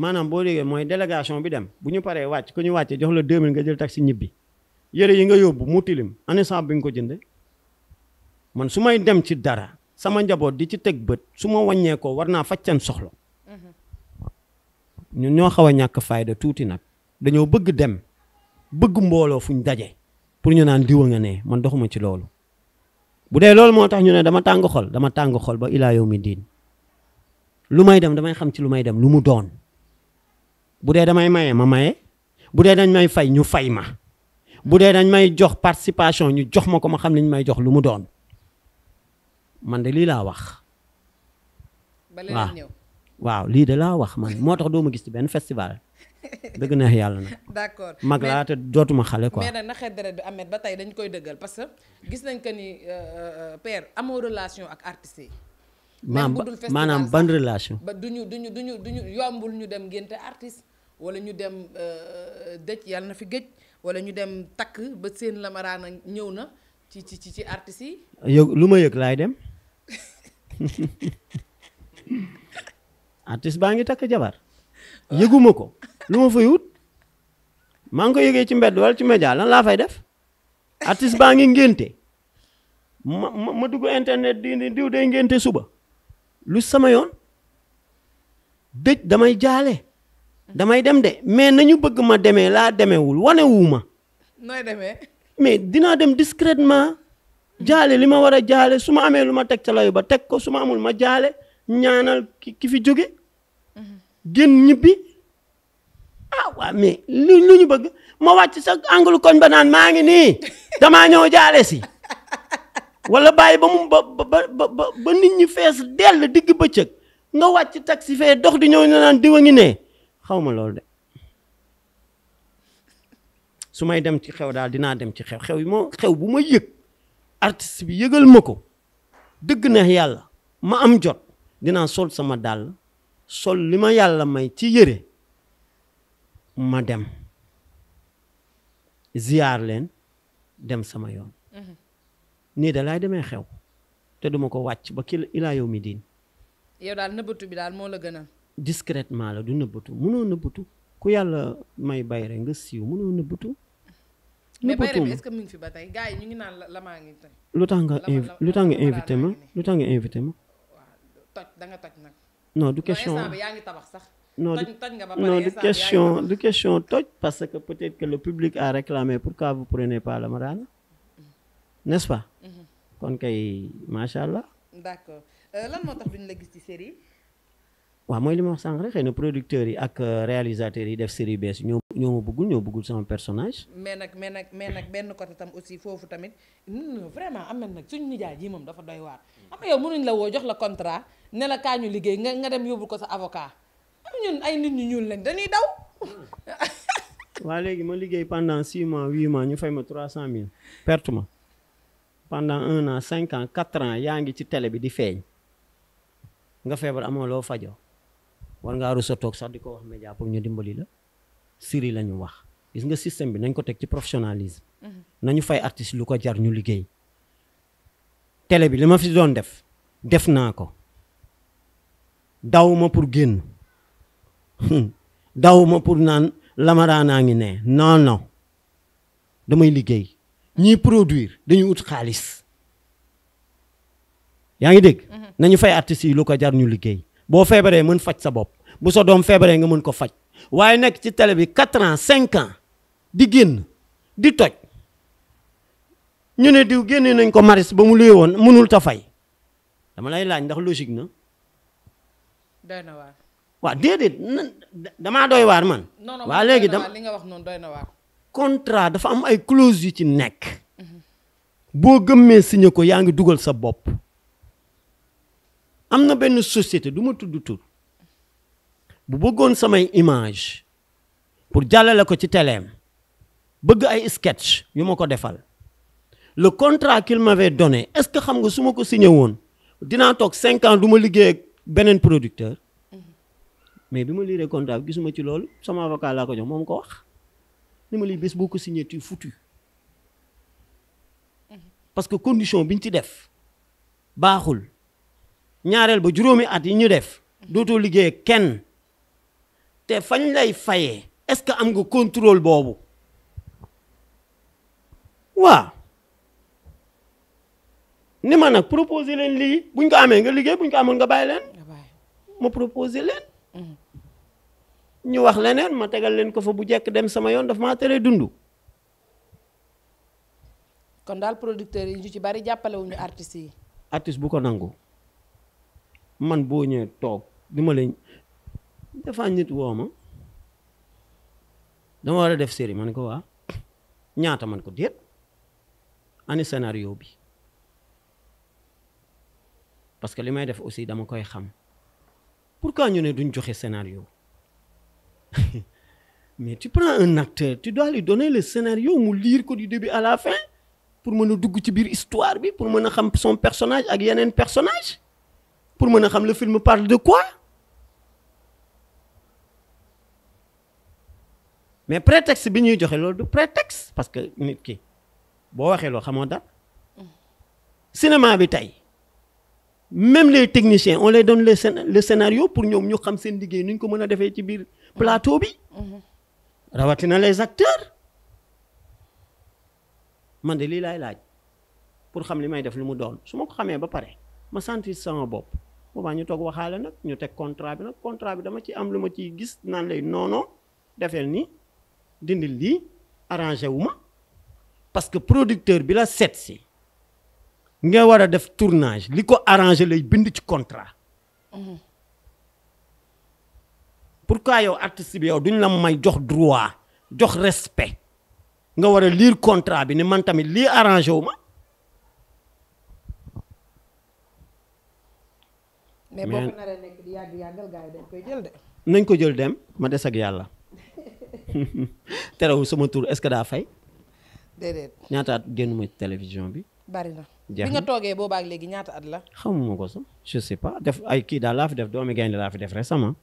maanaam boo déggee mooy délégation bi dem bu ñu paree wàcc ku ñu wàccee jox la 2000 nga jël taxi ñibbi yére yi nga yóbbu mu tilim année bi nga ko jënde man su may dem ci dara. sama njaboot di ci teg bët su ma wàññee ko war naa faj seen soxla mhm. ñun ñoo xaw a ñàkk fayda tuuti nag dañoo bëgg dem bëgg mbooloo fuñ daje pour ñu naan diwa nga ne man doxuma ci loolu bu dee loolu moo tax ñu ne dama tàng xol dama tàng xol ba ilaa yow mi diin lu may dem damay xam ci lu may dem lu mu doon bu dee damay maye ma maye bu dee dañ may fay ñu fay ma bu dee dañ may jox participation ñu jox ma ko ma xam li ñu may jox lu mu doon man de lii laa wax. waaw waaw lii de laa wax man moo tax doo ma gis ci benn festival. dëgg neex yàlla na. d'accord mag laa te dootuma xale quoi. mais bi Ameth ba tey dañ koy dëggal parce que gis nañ que ni euh, euh, euh, père amoo relation ak artistes yi. même budul festival maanaam ban relation. ba du ñu du ñu du ñu du ñu yombul ñu dem ngénte artiste wala ñu dem dëj yàlla na fi gëj wala ñu dem takk ba seen lamaraana ñëw na ci ci ci artistes yi. yëg lu ma yëg laay dem. artiste baa ngi takk jabar yëguma ko lu ma fay wut maa ngi ko yëgee ci mbedd wala ci média lan laa fay def artiste baa ngi ngénte ma ma ma dugg internet di di diw day ngénte suba lu sama yoon dëj damay jaale damay dem de mais nañu bëgg ma demee laa demewul wanewuma nooy demee mais dinaa dem discrètement jaale li ma war a jaale su ma amee lu ma teg ca layu ba teg ko su ma amul ma jaale ñaanal ki ki fi jóge génn ñibbi ah waa mais lu lu ñu bëgg ma wàcc sa anglu koñ ba naan maa ngi nii damaa ñëw jaale si wala baay ba mu ba ba ba nit ñi fees dell digg bëccëg nga wàcc taxi fee dox di ñëw ñu naan diwa ngi nee xaw ma loolu de su may dem ci xew daal dinaa dem ci xew xew yi moo xew bu ma yëg artiste bi yëgal ma ko dëgg na yàlla ma am jot dinaa sol sama dàll sol li ma yàlla may ci yére ma dem ziyaar leen dem sama yoon mm-hmm. nii da laay demee xew te duma ko wàcc ba kii ilaa yow mi diin yow daal nëbbatu bi daal moo la gënal discrètement la du nëbbatu mënoo nëbbatu ku yàlla may bay rek nga siiw mënoo nëbbatu mais mi ngi fi ba tey gars yi ñu ngi naan la ngi tey. lu tax nga invi lu tax nga invité ma lu tax nga invité ma. waaw da nga toj nag. non du question yaa ngi tabax sax. non du non du question question toj parce que peut-être que le public a réclamé pourquoi vous prenez pas la Madana mm-hmm. n'est-ce pas. Mm-hmm. kon kay macha allah. Euh, lan moo tax duñ la gis ci série waaw mooy li ma wax sànq xëy na producteur yi ak euh, réalisateurs yi def série bees ñoo ñoo ma bëggul ñoo bëggul sama personnage mais nag mais nag mais nag benn côté tam aussi foofu tamit mm, vraiment am na nag suñu nijaay jii moom dafa doy waat am na la woo jox la contrat ne la kaa ñu liggéey nga nga dem yóbbu ko sa avocat ñun ay nit ñu ñuul lañ dañuy daw waa léegi ma liggéey pendant six mois huit mois ñu fay ma trois cent mille perte ma pendant un an cinq ans quatre ans yaa ngi ci télé bi di feeñ nga feebar amoo loo fajoo war ngaa rusa toog sax di ko wax média pour ñu dimbali la siri lañu ñu wax gis nga système bi nañ ko teg ci professionnalisme mm-hmm. nañu fay artiste lu ko jar ñu liggéey bi li ma fi naa ko dawuma pour génn hmm. dawuma pour naan lamaraanaa ngi ne non non damay liggéey ñiy ngi dégg mm-hmm. lu ko jar ñu liggéey boo feebaree mën faj sa bopp bu sa doom feebaree nga mën ko faj waaye nekk ci tele bi 4 ans 5 ans di génn di toj ñu ne diw génne nañ ko maris ba mu luy woon mënul ta fay dama lay laaj ndax na. doy na waar. waaw déedéet damaa doy waar man. waa léegi dama li nga wax noonu doy na waar. contrat dafa am ay clause yu ci nekk. Mhm. boo gëmmee signé ko yaa ngi dugal sa bopp. am na benn société du ma tudd tur. bu bëggoon samay image pour jàllale ko ci teleem bëgg ay sketch yu ma ko defal le contrat qu'il m'avait donné est-ce que xam nga su ma ko signé woon dinaa toog cinq ans du ma liggéey ak beneen producteur mm-hmm. mais bi ma liiree contrat bi gisuma ci loolu sama avocat ko jox moom ko wax ni ma lii bés boo ko signé tu foutu mm-hmm. parce que condition bi ñu ci def baaxul ñaareel ba juróomi at yi ñu def mm-hmm. dootoo liggéey kenn te fañ lay faye est-ce que am nga contrôle boobu waaw ni ma nag proposé leen lii buñ ko amee nga liggéey buñ ko amul nga bàyyi leen ma proposé leen mm-hmm. ñu wax leneen ma tegal leen ko fa bu jekk dem sama yoon daf maa tere dund kon daal producteurs yi ñu ci bari jàppalewuñu artistes yi artiste bu ko nangu man boo ñëwee toog li ma leen dafa nit woo ma dama war a def série man ko waa ñaata man ko déet ani scénario bi parce que li may def aussi dama koy xam pourquoi ñu ne duñ joxe scénario mais ti prends un acteur tu dois lui donner le scénario mu lire ko di début à la fin pour mën a dugg ci biir histoire bi pour mën a xam son personnage ak yeneen personnage pour mën a xam le film parle de quoi mais prétexte bi ñuy joxe loolu du prétexte parce que nit ki boo waxee loo xamoo dara cinéma bi tey même les technicien on les donne le le scénario pour ñoom ñu xam seen liggéey nuñ ko mën a defee ci biir plateau bi rawatina les acteurs man de lii laay laaj pour xam li may def lu mu doon su ma ko xamee ba pare ma sentir sama bopp boobaa ñu toog waxaale nag ñu teg contrat bi nag contrat bi dama ci am lu ma ciy gis naan lay noonoo defee nii dindil lii arrangé wu ma parce que producteur bi la seet si nga war a def tournage li ko arrangé lay bind ci contrat mhm. pourquoi yow artiste bi yow duñ la may jox droit jox respect nga war a liir contrat bi ne man tamit lii arrangé wu ma. mais ko jël nañ ko jël dem ma des ak yàlla. terewul sama tur est-ce que daa fay. ñaata at génnuma ci bi. bari na bi nga toogee boobaa ak léegi ñaata at la. xamuma ko sax je sais pas def ay kii daal laa fi def doomi gaynde laa fi def récemment.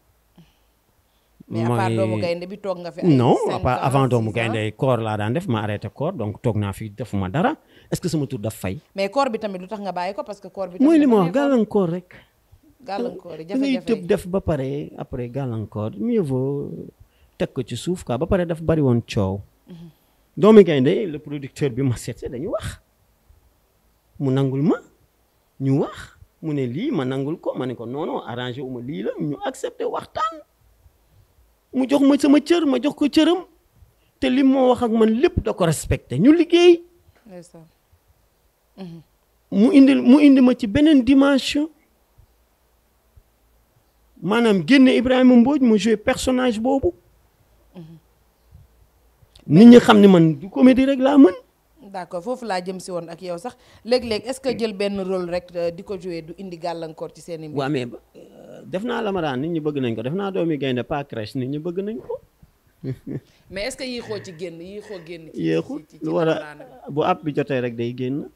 mais à part doomu gaynde bi toog nga fi. ay non à part avant doomu gaynde koor laa daan def ma arrêté koor donc toog naa fi defuma dara est-ce que bi tamit lu tax nga bàyyi ko parce que bi. mooy li ma wax gàllankoor rek. gàllankoor yi jafe-jafe yi tëb def ba pare après gàllankoor mieux vaut. teg ko ci suuf quoi ba pare daf bari woon coow. doomi gaynde le producteur bi ma seet dañu wax mu nangul ma ñu wax mu ne lii ma nangul ko ma ne ko non non arrangé wu ma lii la ñu accepté waxtaan mu jox ma sama cër ma jox ko cëram te li moo wax ak man lépp da ko respecté ñu liggéey. mu indi mu indi ma ci beneen dimension maanaam génne Ibrahima Mbodj ma joué personnage boobu. nit ñi xam ne man du comédie rek laa mën. d'accord foofu laa jëm si woon ak yow sax léeg-léeg est-ce que jël benn rôle rek euh, di ko jouer du indi gàllankoor ci seen i. waaw mais euh, def naa lamaraan nit ñi bëgg nañ ko def naa doomi gaynde pas crèche nit ñi bëgg nañ mais est-ce que yéexoo ci génn yéexoo génn. yéexut lu war a bu app bi jotee rek day génn.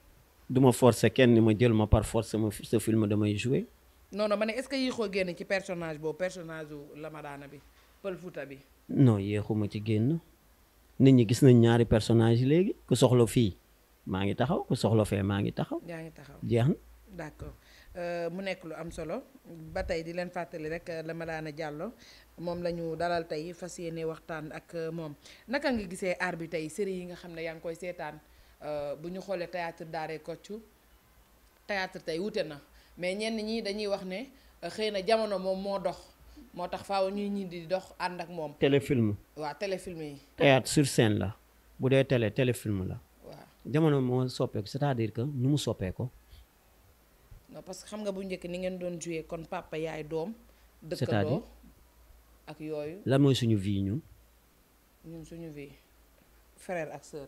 du ma forcer kenn ni ma jël ma par force sama sa film damay jouer. non non ma ne est-ce que yéexoo génn ci personnage boo personage u Lamarana bi Pël Fuuta bi. non yéexuma ci génn nit ñi gis nañ ñaari personnage léegi ku soxla fii maa ngi taxaw ku soxla fee maa ngi taxaw. yaa ngi taxaw jeex na. d'accord euh, mu nekk lu am solo ba tey di leen fàttali rek euh, la Madana jàllo moom la ñu dalal tey fas yéene waxtaan ak euh, moom naka nga gisee aar bi tey série yi nga xam ne yaa ngi koy seetaan bu ñu xoolee théâtre daaree koccu théâtre tey wute na mais ñenn ñi dañuy wax ne xëy na jamono moom moo dox. moo tax faaw ñuy ñii di dox ànd ak moom. téléfilm. waaw téléfilm yi. théâtre sur scène la bu dee télé téléfilm la. waaw jamono moo soppee c'est-à-dire que nu mu soppeekoo. non parce que xam nga bu njëkk ni ngeen doon joué kon papa yaay doom. dëkkandoo ak yooyu. lan mooy suñu vie ñun. ñun suñu vie frère ak sœur.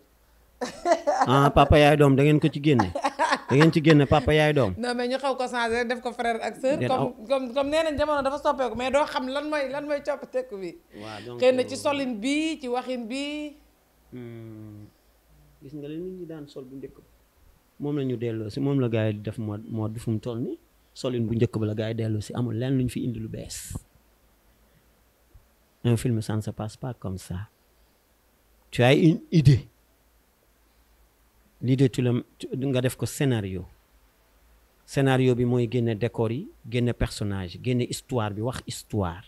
ah papa yaay doom da ngeen ko ci génne da ngeen ci génne papa yaay doom. non mais ñu xaw ko changé def ko frère ak sœur. comme comme comme jamono dafa soppeeku mais doo xam lan mooy lan mooy coppateeku bi. waaw donc xëy na ci solin bi ci waxin bi. Hmm. gis nga li nit ñi daan sol bu njëkk moom la ñu delloo si moom la gars yi di def mode mode bi fu mu toll nii solin bu njëkk ba la gars yi delloo si amul lenn lu ñu fi indi lu bees. un film ça ne passe pas comme ça tu as une l'idée tu la nga def ko scénario scénario bi mooy génne décor yi génne personnage génne histoire bi wax histoire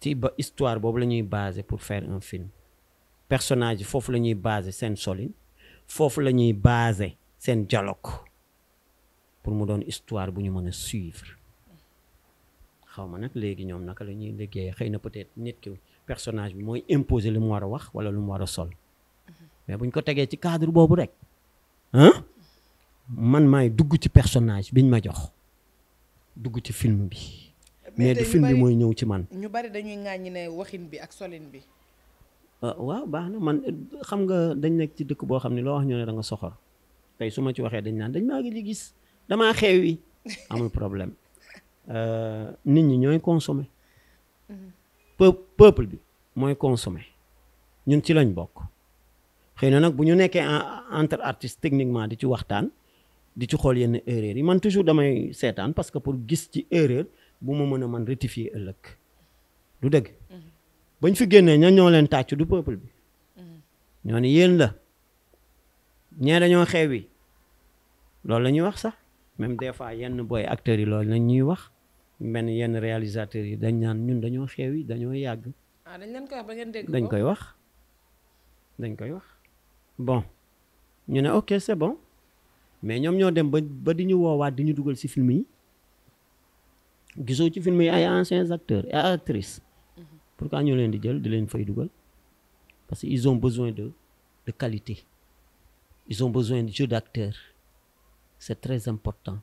ci ba histoire boobu la ñuy basé pour fair un film personage foofu la ñuy basé seen solin foofu la ñuy basé seen dialogue pour mu doon histoire bu ñu mën a suivre xaw ma nag léegi ñoom naka la ñuy liggéey xëy na peut-être nit ki personnage bi mooy imposer lu mu war a wax wala lu mu war a sol mais buñ ko tegee ci cadre boobu rek ah man maay dugg ci personnage biñ ma jox dugg ci film bi. mais du film bi mooy ñëw ci man. ñu bari dañuy ŋàññi ne waxin bi ak solin bi. Euh, waaw baax na man euh, xam nga dañ nekk ci dëkk boo xam ne loo wax ñoo ne danga nga soxor tey su ma ci waxee dañ naan dañ maa ngi gis damaa xeewi amul problème euh, nit ñi ñooy consommer. Mhm. peuple bi mooy consommer ñun ci lañ bokk. xëy nag bu ñu nekkee entre artistes techniquement di ci waxtaan di ci xool yenn erreur yi man toujours damay seetaan parce que pour gis ci erreur bu ma mën a man rectifier ëllëg du dëgg mm-hmm. bañ fi génnee ña ñoo leen tàcc du peuple bi mm-hmm. ñoo ni yéen la ñee dañoo xewi loolu la ñuy wax sax même des fois yenn booy acteurs yi loolu la ñuy wax mel yenn réalisateurs yi dañ ñaan ñun dañoo yi dañoo yàgg. Ah, dañ leen koy dañ koy wax dañ koy wax. bon ñu ne ok c'est bon mais ñoom ñoo dem ba ba di ñu woowaat di ñu dugal si film yi gisoo ci film yi ay anciens acteurs et pour mm-hmm. pourquoi ñu leen di jël di leen fay dugal parce que ils ont besoin de de qualité ils ont besoin de jeu d'acteur c'est très important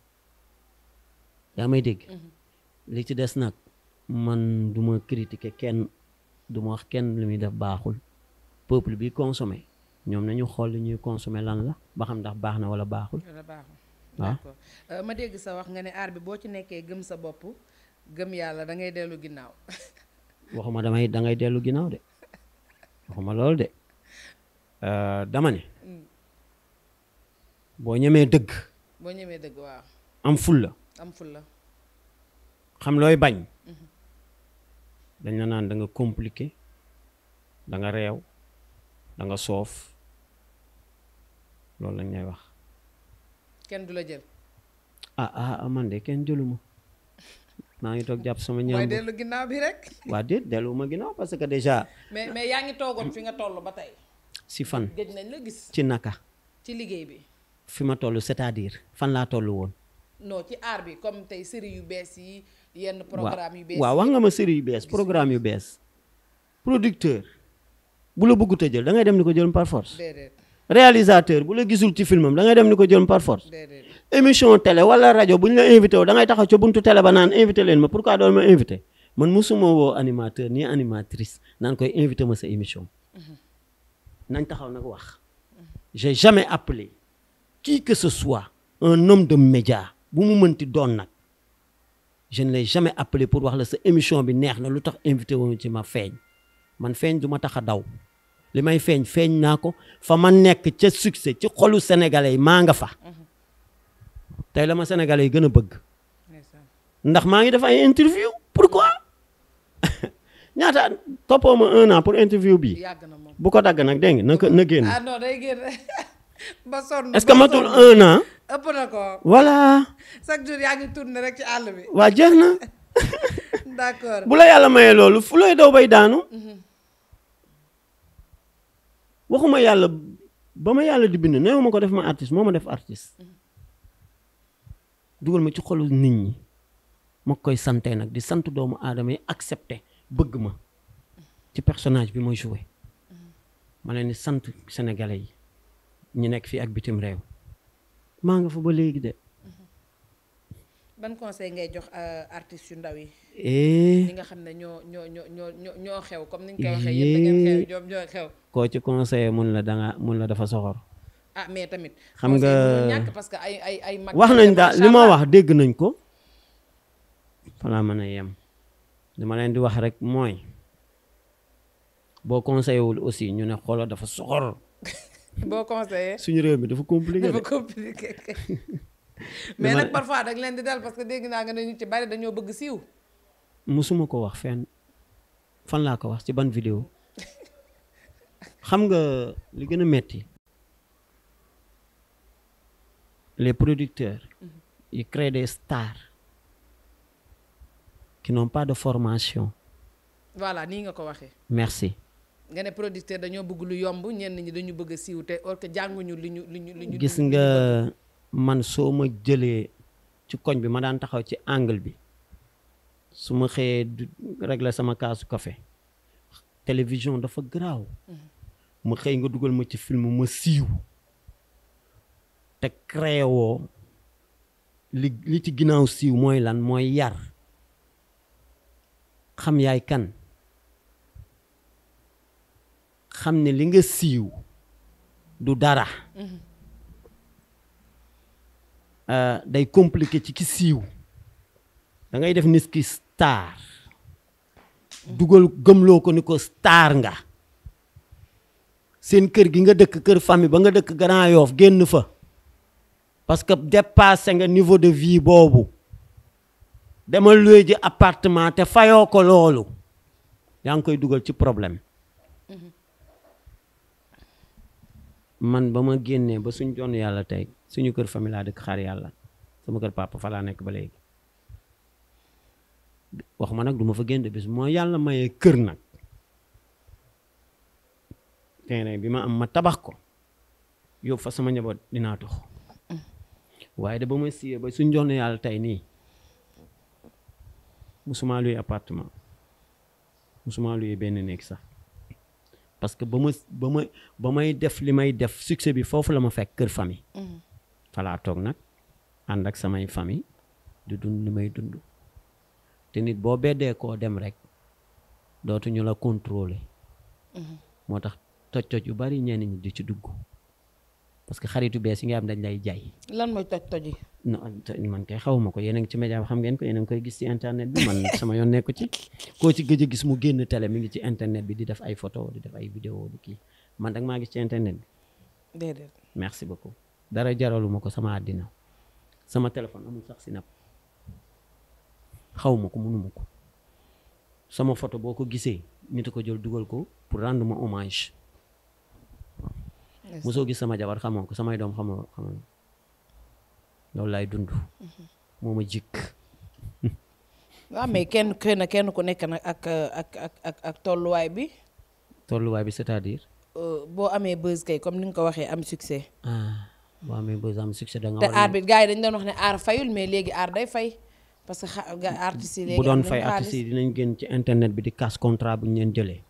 yaa may dégg mm-hmm. li ci des nag man du ma critiquer kenn du ma wax kenn lu muy def baaxul peuple bi consommé ñoom nañu xool li ñuy consommer lan la ba xam ndax baax na wala baaxul. wala baaxul ah. d'accord euh, ma dégg sa wax nga ne aar bi boo ci nekkee gëm sa bopp gëm yàlla dangay dellu ginnaaw. waxuma damay da ngay dellu ginnaaw de waxuma loolu de euh, dama ne. Hmm. boo ñemee dëgg. boo ñemee dëgg waaw. am fulla. am fulla. xam looy bañ. Mhm. dañ la naan danga complike compliqué da nga soof loolu lañ lay wax. kenn du la jël. ah ah, ah man de kenn jëluma maa ngi toog jàpp sama. ñaar mooy dellu ginnaaw bi rek. waa déet delluwuma ginnaaw parce que déjà. mais mais yaa ngi toogoon fi nga toll ba tey. si fan. gëj nañ la gis. ci naka. ci liggéey bi. fi ma toll cest à fan laa toll woon. non ci aar bi comme tey série yu bees yi yenn programme yu bees waaw wax nga ma série yu bees programme yu bees producteur bu la bëggut jël da ngay dem ni ko jël par force. réalisateur bu la gisul ci filmam dangay dem ni ko jël par force émission télé wala rajo bu ñu la invité woo da ngay taxaw ca buntu télé ba naan invité leen ma pourquoi doon ma invité man mosuma woo animateur nii animatrice naan koy invité ma sa émission mm-hmm. nañ taxaw nag wax j'ai jamais appelé qui que ce soit un homme de média bu mu mënti doon nag je ne l'ai jamais appelé pour wax la sa émission bi neex na lu tax invité woon ci ma feeñ man feeñ du ma tax a daw li may feeñ feeñ naa ko fa ma nekk ca succès ci xolu sénégalais yi maa nga fa tey la ma sénégalais yi gën a bëgg ndax maa ngi def ay interview pourquoi ñaata toppoo ma un an pour interview bi bu ko dagg nag dégg na génn ah non génn ba sonn est que matul un an ko voilà chaque jour yaa ngi rek ci àll bi waa jeex na d'accord bu la yàlla mayee loolu fu lay daw bay daanu mhm. waxuma yàlla ba ma yàlla di bind neewu ma ko def ma artiste moo ma def artiste mm-hmm. dugal ma ci xolu nit ñi ma koy sante nag di sant doomu aadama yi accepté bëgg ma ci personnage bi ma joué mm-hmm. ma leen sant sénégalais yi ñu nekk fii ak bitim réew maa nga fa ba léegi de ban conseil ngay jox euh, artistes yu ndaw yi. Eh. ñi nga xam ne ñoo ñoo ñoo ñoo ñoo xew comme ni nga ko waxee yéen da ngeen eh. xew koo ci conseil mun la da mun la dafa soxor. ah mais tamit. xam nga parce que ay ay ay mag wax nañ daal li ma wax dégg nañ ko. falaa mën a yem. li ma leen di wax rek mooy. boo conseillé wul aussi ñu ne xoolal dafa soxor. boo conseillé. suñu réew mi dafa compliqué dafa compliqué. mais nag parfois dag leen di dal parce que dégg naa nga ne ñu ci bari dañoo bëgg siiw. musuma ko wax fen fan laa ko wax ci ban vidéo xam nga li gën a metti les producteurs mm-hmm. yi créent des stars ki n'ont pas de formation. voilà nii nga ko waxee. merci. nga ne producteur dañoo bëgg lu yomb ñenn ñi dañu bëgg a siiw te or que jànguñu li ñu li ñu. gis nga. man soo ma jëlee ci koñ bi ma daan taxaw ci angle bi su ma xëyee régler sama kaasu kafe télévision dafa garaaw mm-hmm. ma xëy nga dugal ma ci film ma siiw te créé li li ci ginnaaw siiw mooy lan mooy yar xam yaay kan xam ne li nga siiw du dara. Mm-hmm. Euh, day compliqué ci ki siiw da ngay def nit ki star dugal gëmloo ko ni ko star nga seen kër gi nga dëkk kër famille ba nga dëkk Grand Yoff génn fa parce que dépassé nga niveau de vie boobu demal luwe ji appartement te fayoo ko loolu yaa ngi koy dugal ci problème mhm. man ba ma génnee ba suñ jonn yàlla tey suñu kër famille laa dëkk xaar yàlla sama kër papa fa laa nekk ba léegi wax ma nag du ma fa génn bis moo yàlla mayee kër nag terrain bi ma am ma tabax ko yóbbu fa sama njaboot dinaa tox waaye da ba ma siyee ba suñ jox na yàlla tey nii musuma luy appartement musuma luy benn néeg sax parce que ba ma ba ma ba may def li may def succès bi foofu la ma fekk kër famille mm-hmm. falaa toog nag ànd ak samay famille di dund li may dund te nit boo beddee koo dem rek dootuñu la contrôler mhm. moo tax toj toj yu bari ñenn ñi di ci dugg parce que xaritu bee yi nga am dañ lay jaay lan mooy toj toj yi man kay xawma ko yéena ngi ci média xam ngeen ko yéena ngi koy gis ci internet bi man sama yoon nekku ci koo ci gëj a gis mu génn tele mi ngi ci internet bi di def ay photo di def ay vidéo di kii man dag maa gis ci internet bi merci beaucoup dara jaraluma ko sama àddina sama téléphone amul sax sinap xaw ma ko mënuma ko sama photo boo ko gisee nit a ko jël dugal ko pour rendre ma hommage mosoo gis sama jabar xamoo ko samay doom xamoo xamoo loolu laay dund mhm. moo ma jikk waaw mais kenn xëy kenn ku nekk nag ak ak ak ak tolluwaay bi tolluwaay bi cest euh, boo amee buzz kay comme ni nga ko waxee am succès ah. waaw mais par exemple succès da nga dañ doon wax ne aar fayul mais léegi aar day fay parce que xa artistes yi léegi bu doon fay artistes yi dinañ génn ci internet bi di casse contrat bu ñu leen jëlee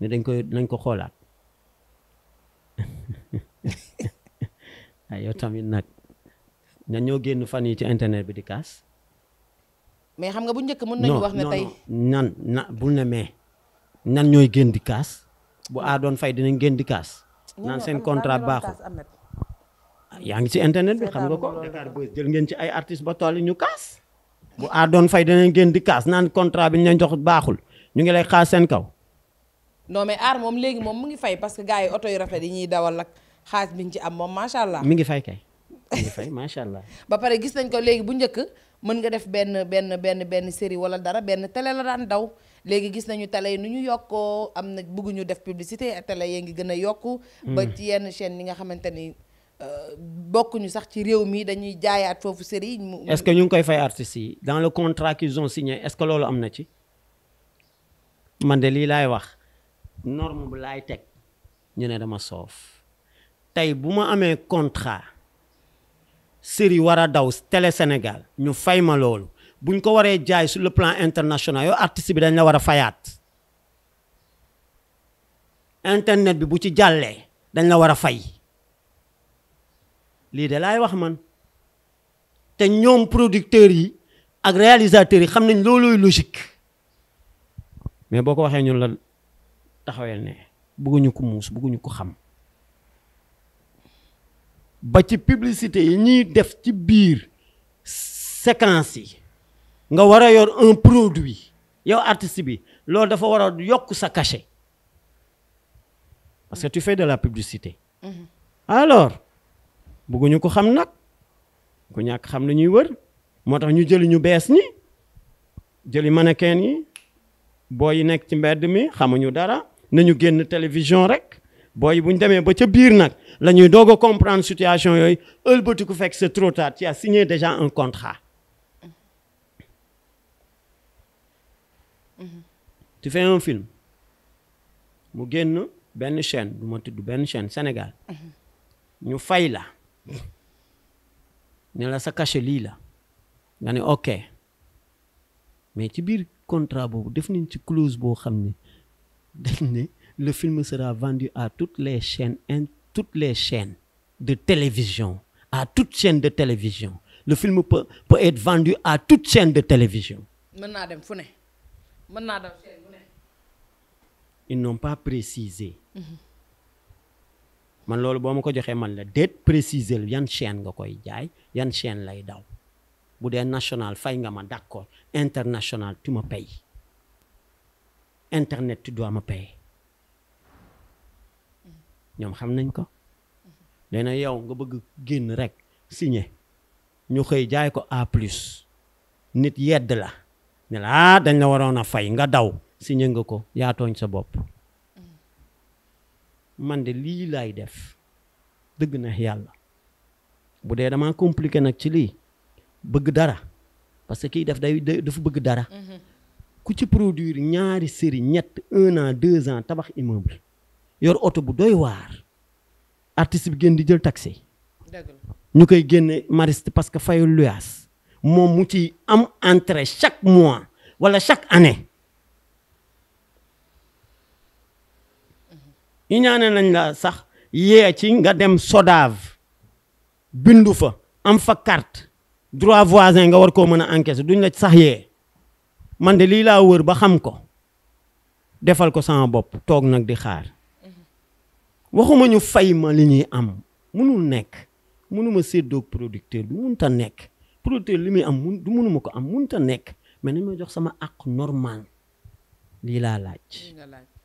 ne dañ koy nañ ko xoolaat ay yow nag ña ñoo génn fan yi ci internet bi di kaas mais xam nga bu njëkk mën nañu wax ne tey nan na bul ne mais nan ñooy génn di kaas bu doon fay dinañ génn di kaas naan seen contrat baaxul yaa ngi ci internet bi xam nga ko Dakar Buzz jël ngeen ci ay artistes ba toll ñu kaas. bu aadoon fay danañ ngeen di kaas naan contrat bi ñu leen baaxul ñu ngi lay xaas seen kaw. non aar moom léegi moom mu ngi fay parce que gars yi oto yu rafet yi ñuy dawal ak xaalis bi ñu ci am moom macha allah. mi ngi fay kay macha allah. ba pare gis nañ ko léegi bu njëkk mën nga def benn benn benn benn série wala dara benn télé la daan daw. léegi gis nañu télé yi nu ñu yokkoo am na bëgguñu def publicité télé yee ngi gën a yokku. Hmm. ba nga xamante ni bokkuñu sax ci réew mii dañuy jaayaat foofu série est-ce que ñu ngi koy fay artistes yi dans le contrat qu'ils ont signé est-ce que loolu am na ci man de lii laay wax norme bu laay teg ñu ne dama soof tey bu ma amee contrat série war a daw télé Sénégal ñu fay ma loolu buñ ko waree jaay sur le plan international yow artiste bi dañ la war a fayaat internet bi bu ci jàllee dañ la war a fay lii de laay wax man te ñoom producteurs yi ak réalisateurs yi xam nañ loolooy logique mais boo ko waxee ñun la taxawel ne bëgguñu ko muus bëgguñu ko xam ba ci publicité yi ñuy def ci biir séquence yi nga war a yor un produit yow artiste bi loolu dafa war a yokk sa cachet parce que tu fais de la publicité mm-hmm. alors bëgguñu ko xam nag ku ñàkk xam la wër moo tax ñu jëli ñu bees ñi jëli mannequin yi booy yi nekk ci mbedd mi xamuñu dara nañu génn télévision rek booy bu ñu demee ba ca biir nag la ñuy doog a comprendre situation yooyu ëlbatiku fekk c'est trop tard tu as signé déjà un contrat. tu fais un film mu génn benn chaîne du tudd benn chaine Sénégal ñu fay la. ne sa cachet lii la nga ne ok mais ci biir contrat boobu def nañ ci clause boo xam ni def ne le film sera vendu à toutes les chaînes in toutes les chaines de télévision à toute chaîne de télévision le film peut peut être vendu à toute chaîne de télévision. mën naa dem fu mën naa dem. ils n'ont pas précisé. Mhm. man loolu boo ma ko joxee man la déet préciser yan chaîne nga koy jaay yan chaîne lay daw bu dee national fay nga ma d'accord international tu me payes internet tu dois me payer ñoom xam nañ ko na yow nga bëgg génn rek signé ñu xëy jaay ko A plus nit yedd la ne la ah, dañ la waroon a fay nga daw signé nga ko yaatooñ sa bopp man de lii laay def dëgg na yàlla bu dee dama compliquer nag ci lii bëgg dara parce que kiy def day dafa bëgg dara mhm. ku ci produire ñaari série ñett un an deux ans tabax immeuble yor oto bu doy waar artiste bi gën di jël taxi ñu koy génn mariste parce que fayul luyaas moom mu ci am entrée chaque mois wala chaque année iñaane nañ la sax yee ci nga dem SODAV bindu fa am fa carte droit voisin nga war koo mën a encaisser duñ la sax yee man de lii laa wër ba xam ko defal ko sama bopp toog nag di xaar waxuma ñu fay ma li ñuy am munul nekk munuma séddoog producteur bi munta nekk producteur li muy am mun du munuma ko am munta nekk me nañ ma jox sama àq normal lii laa laaj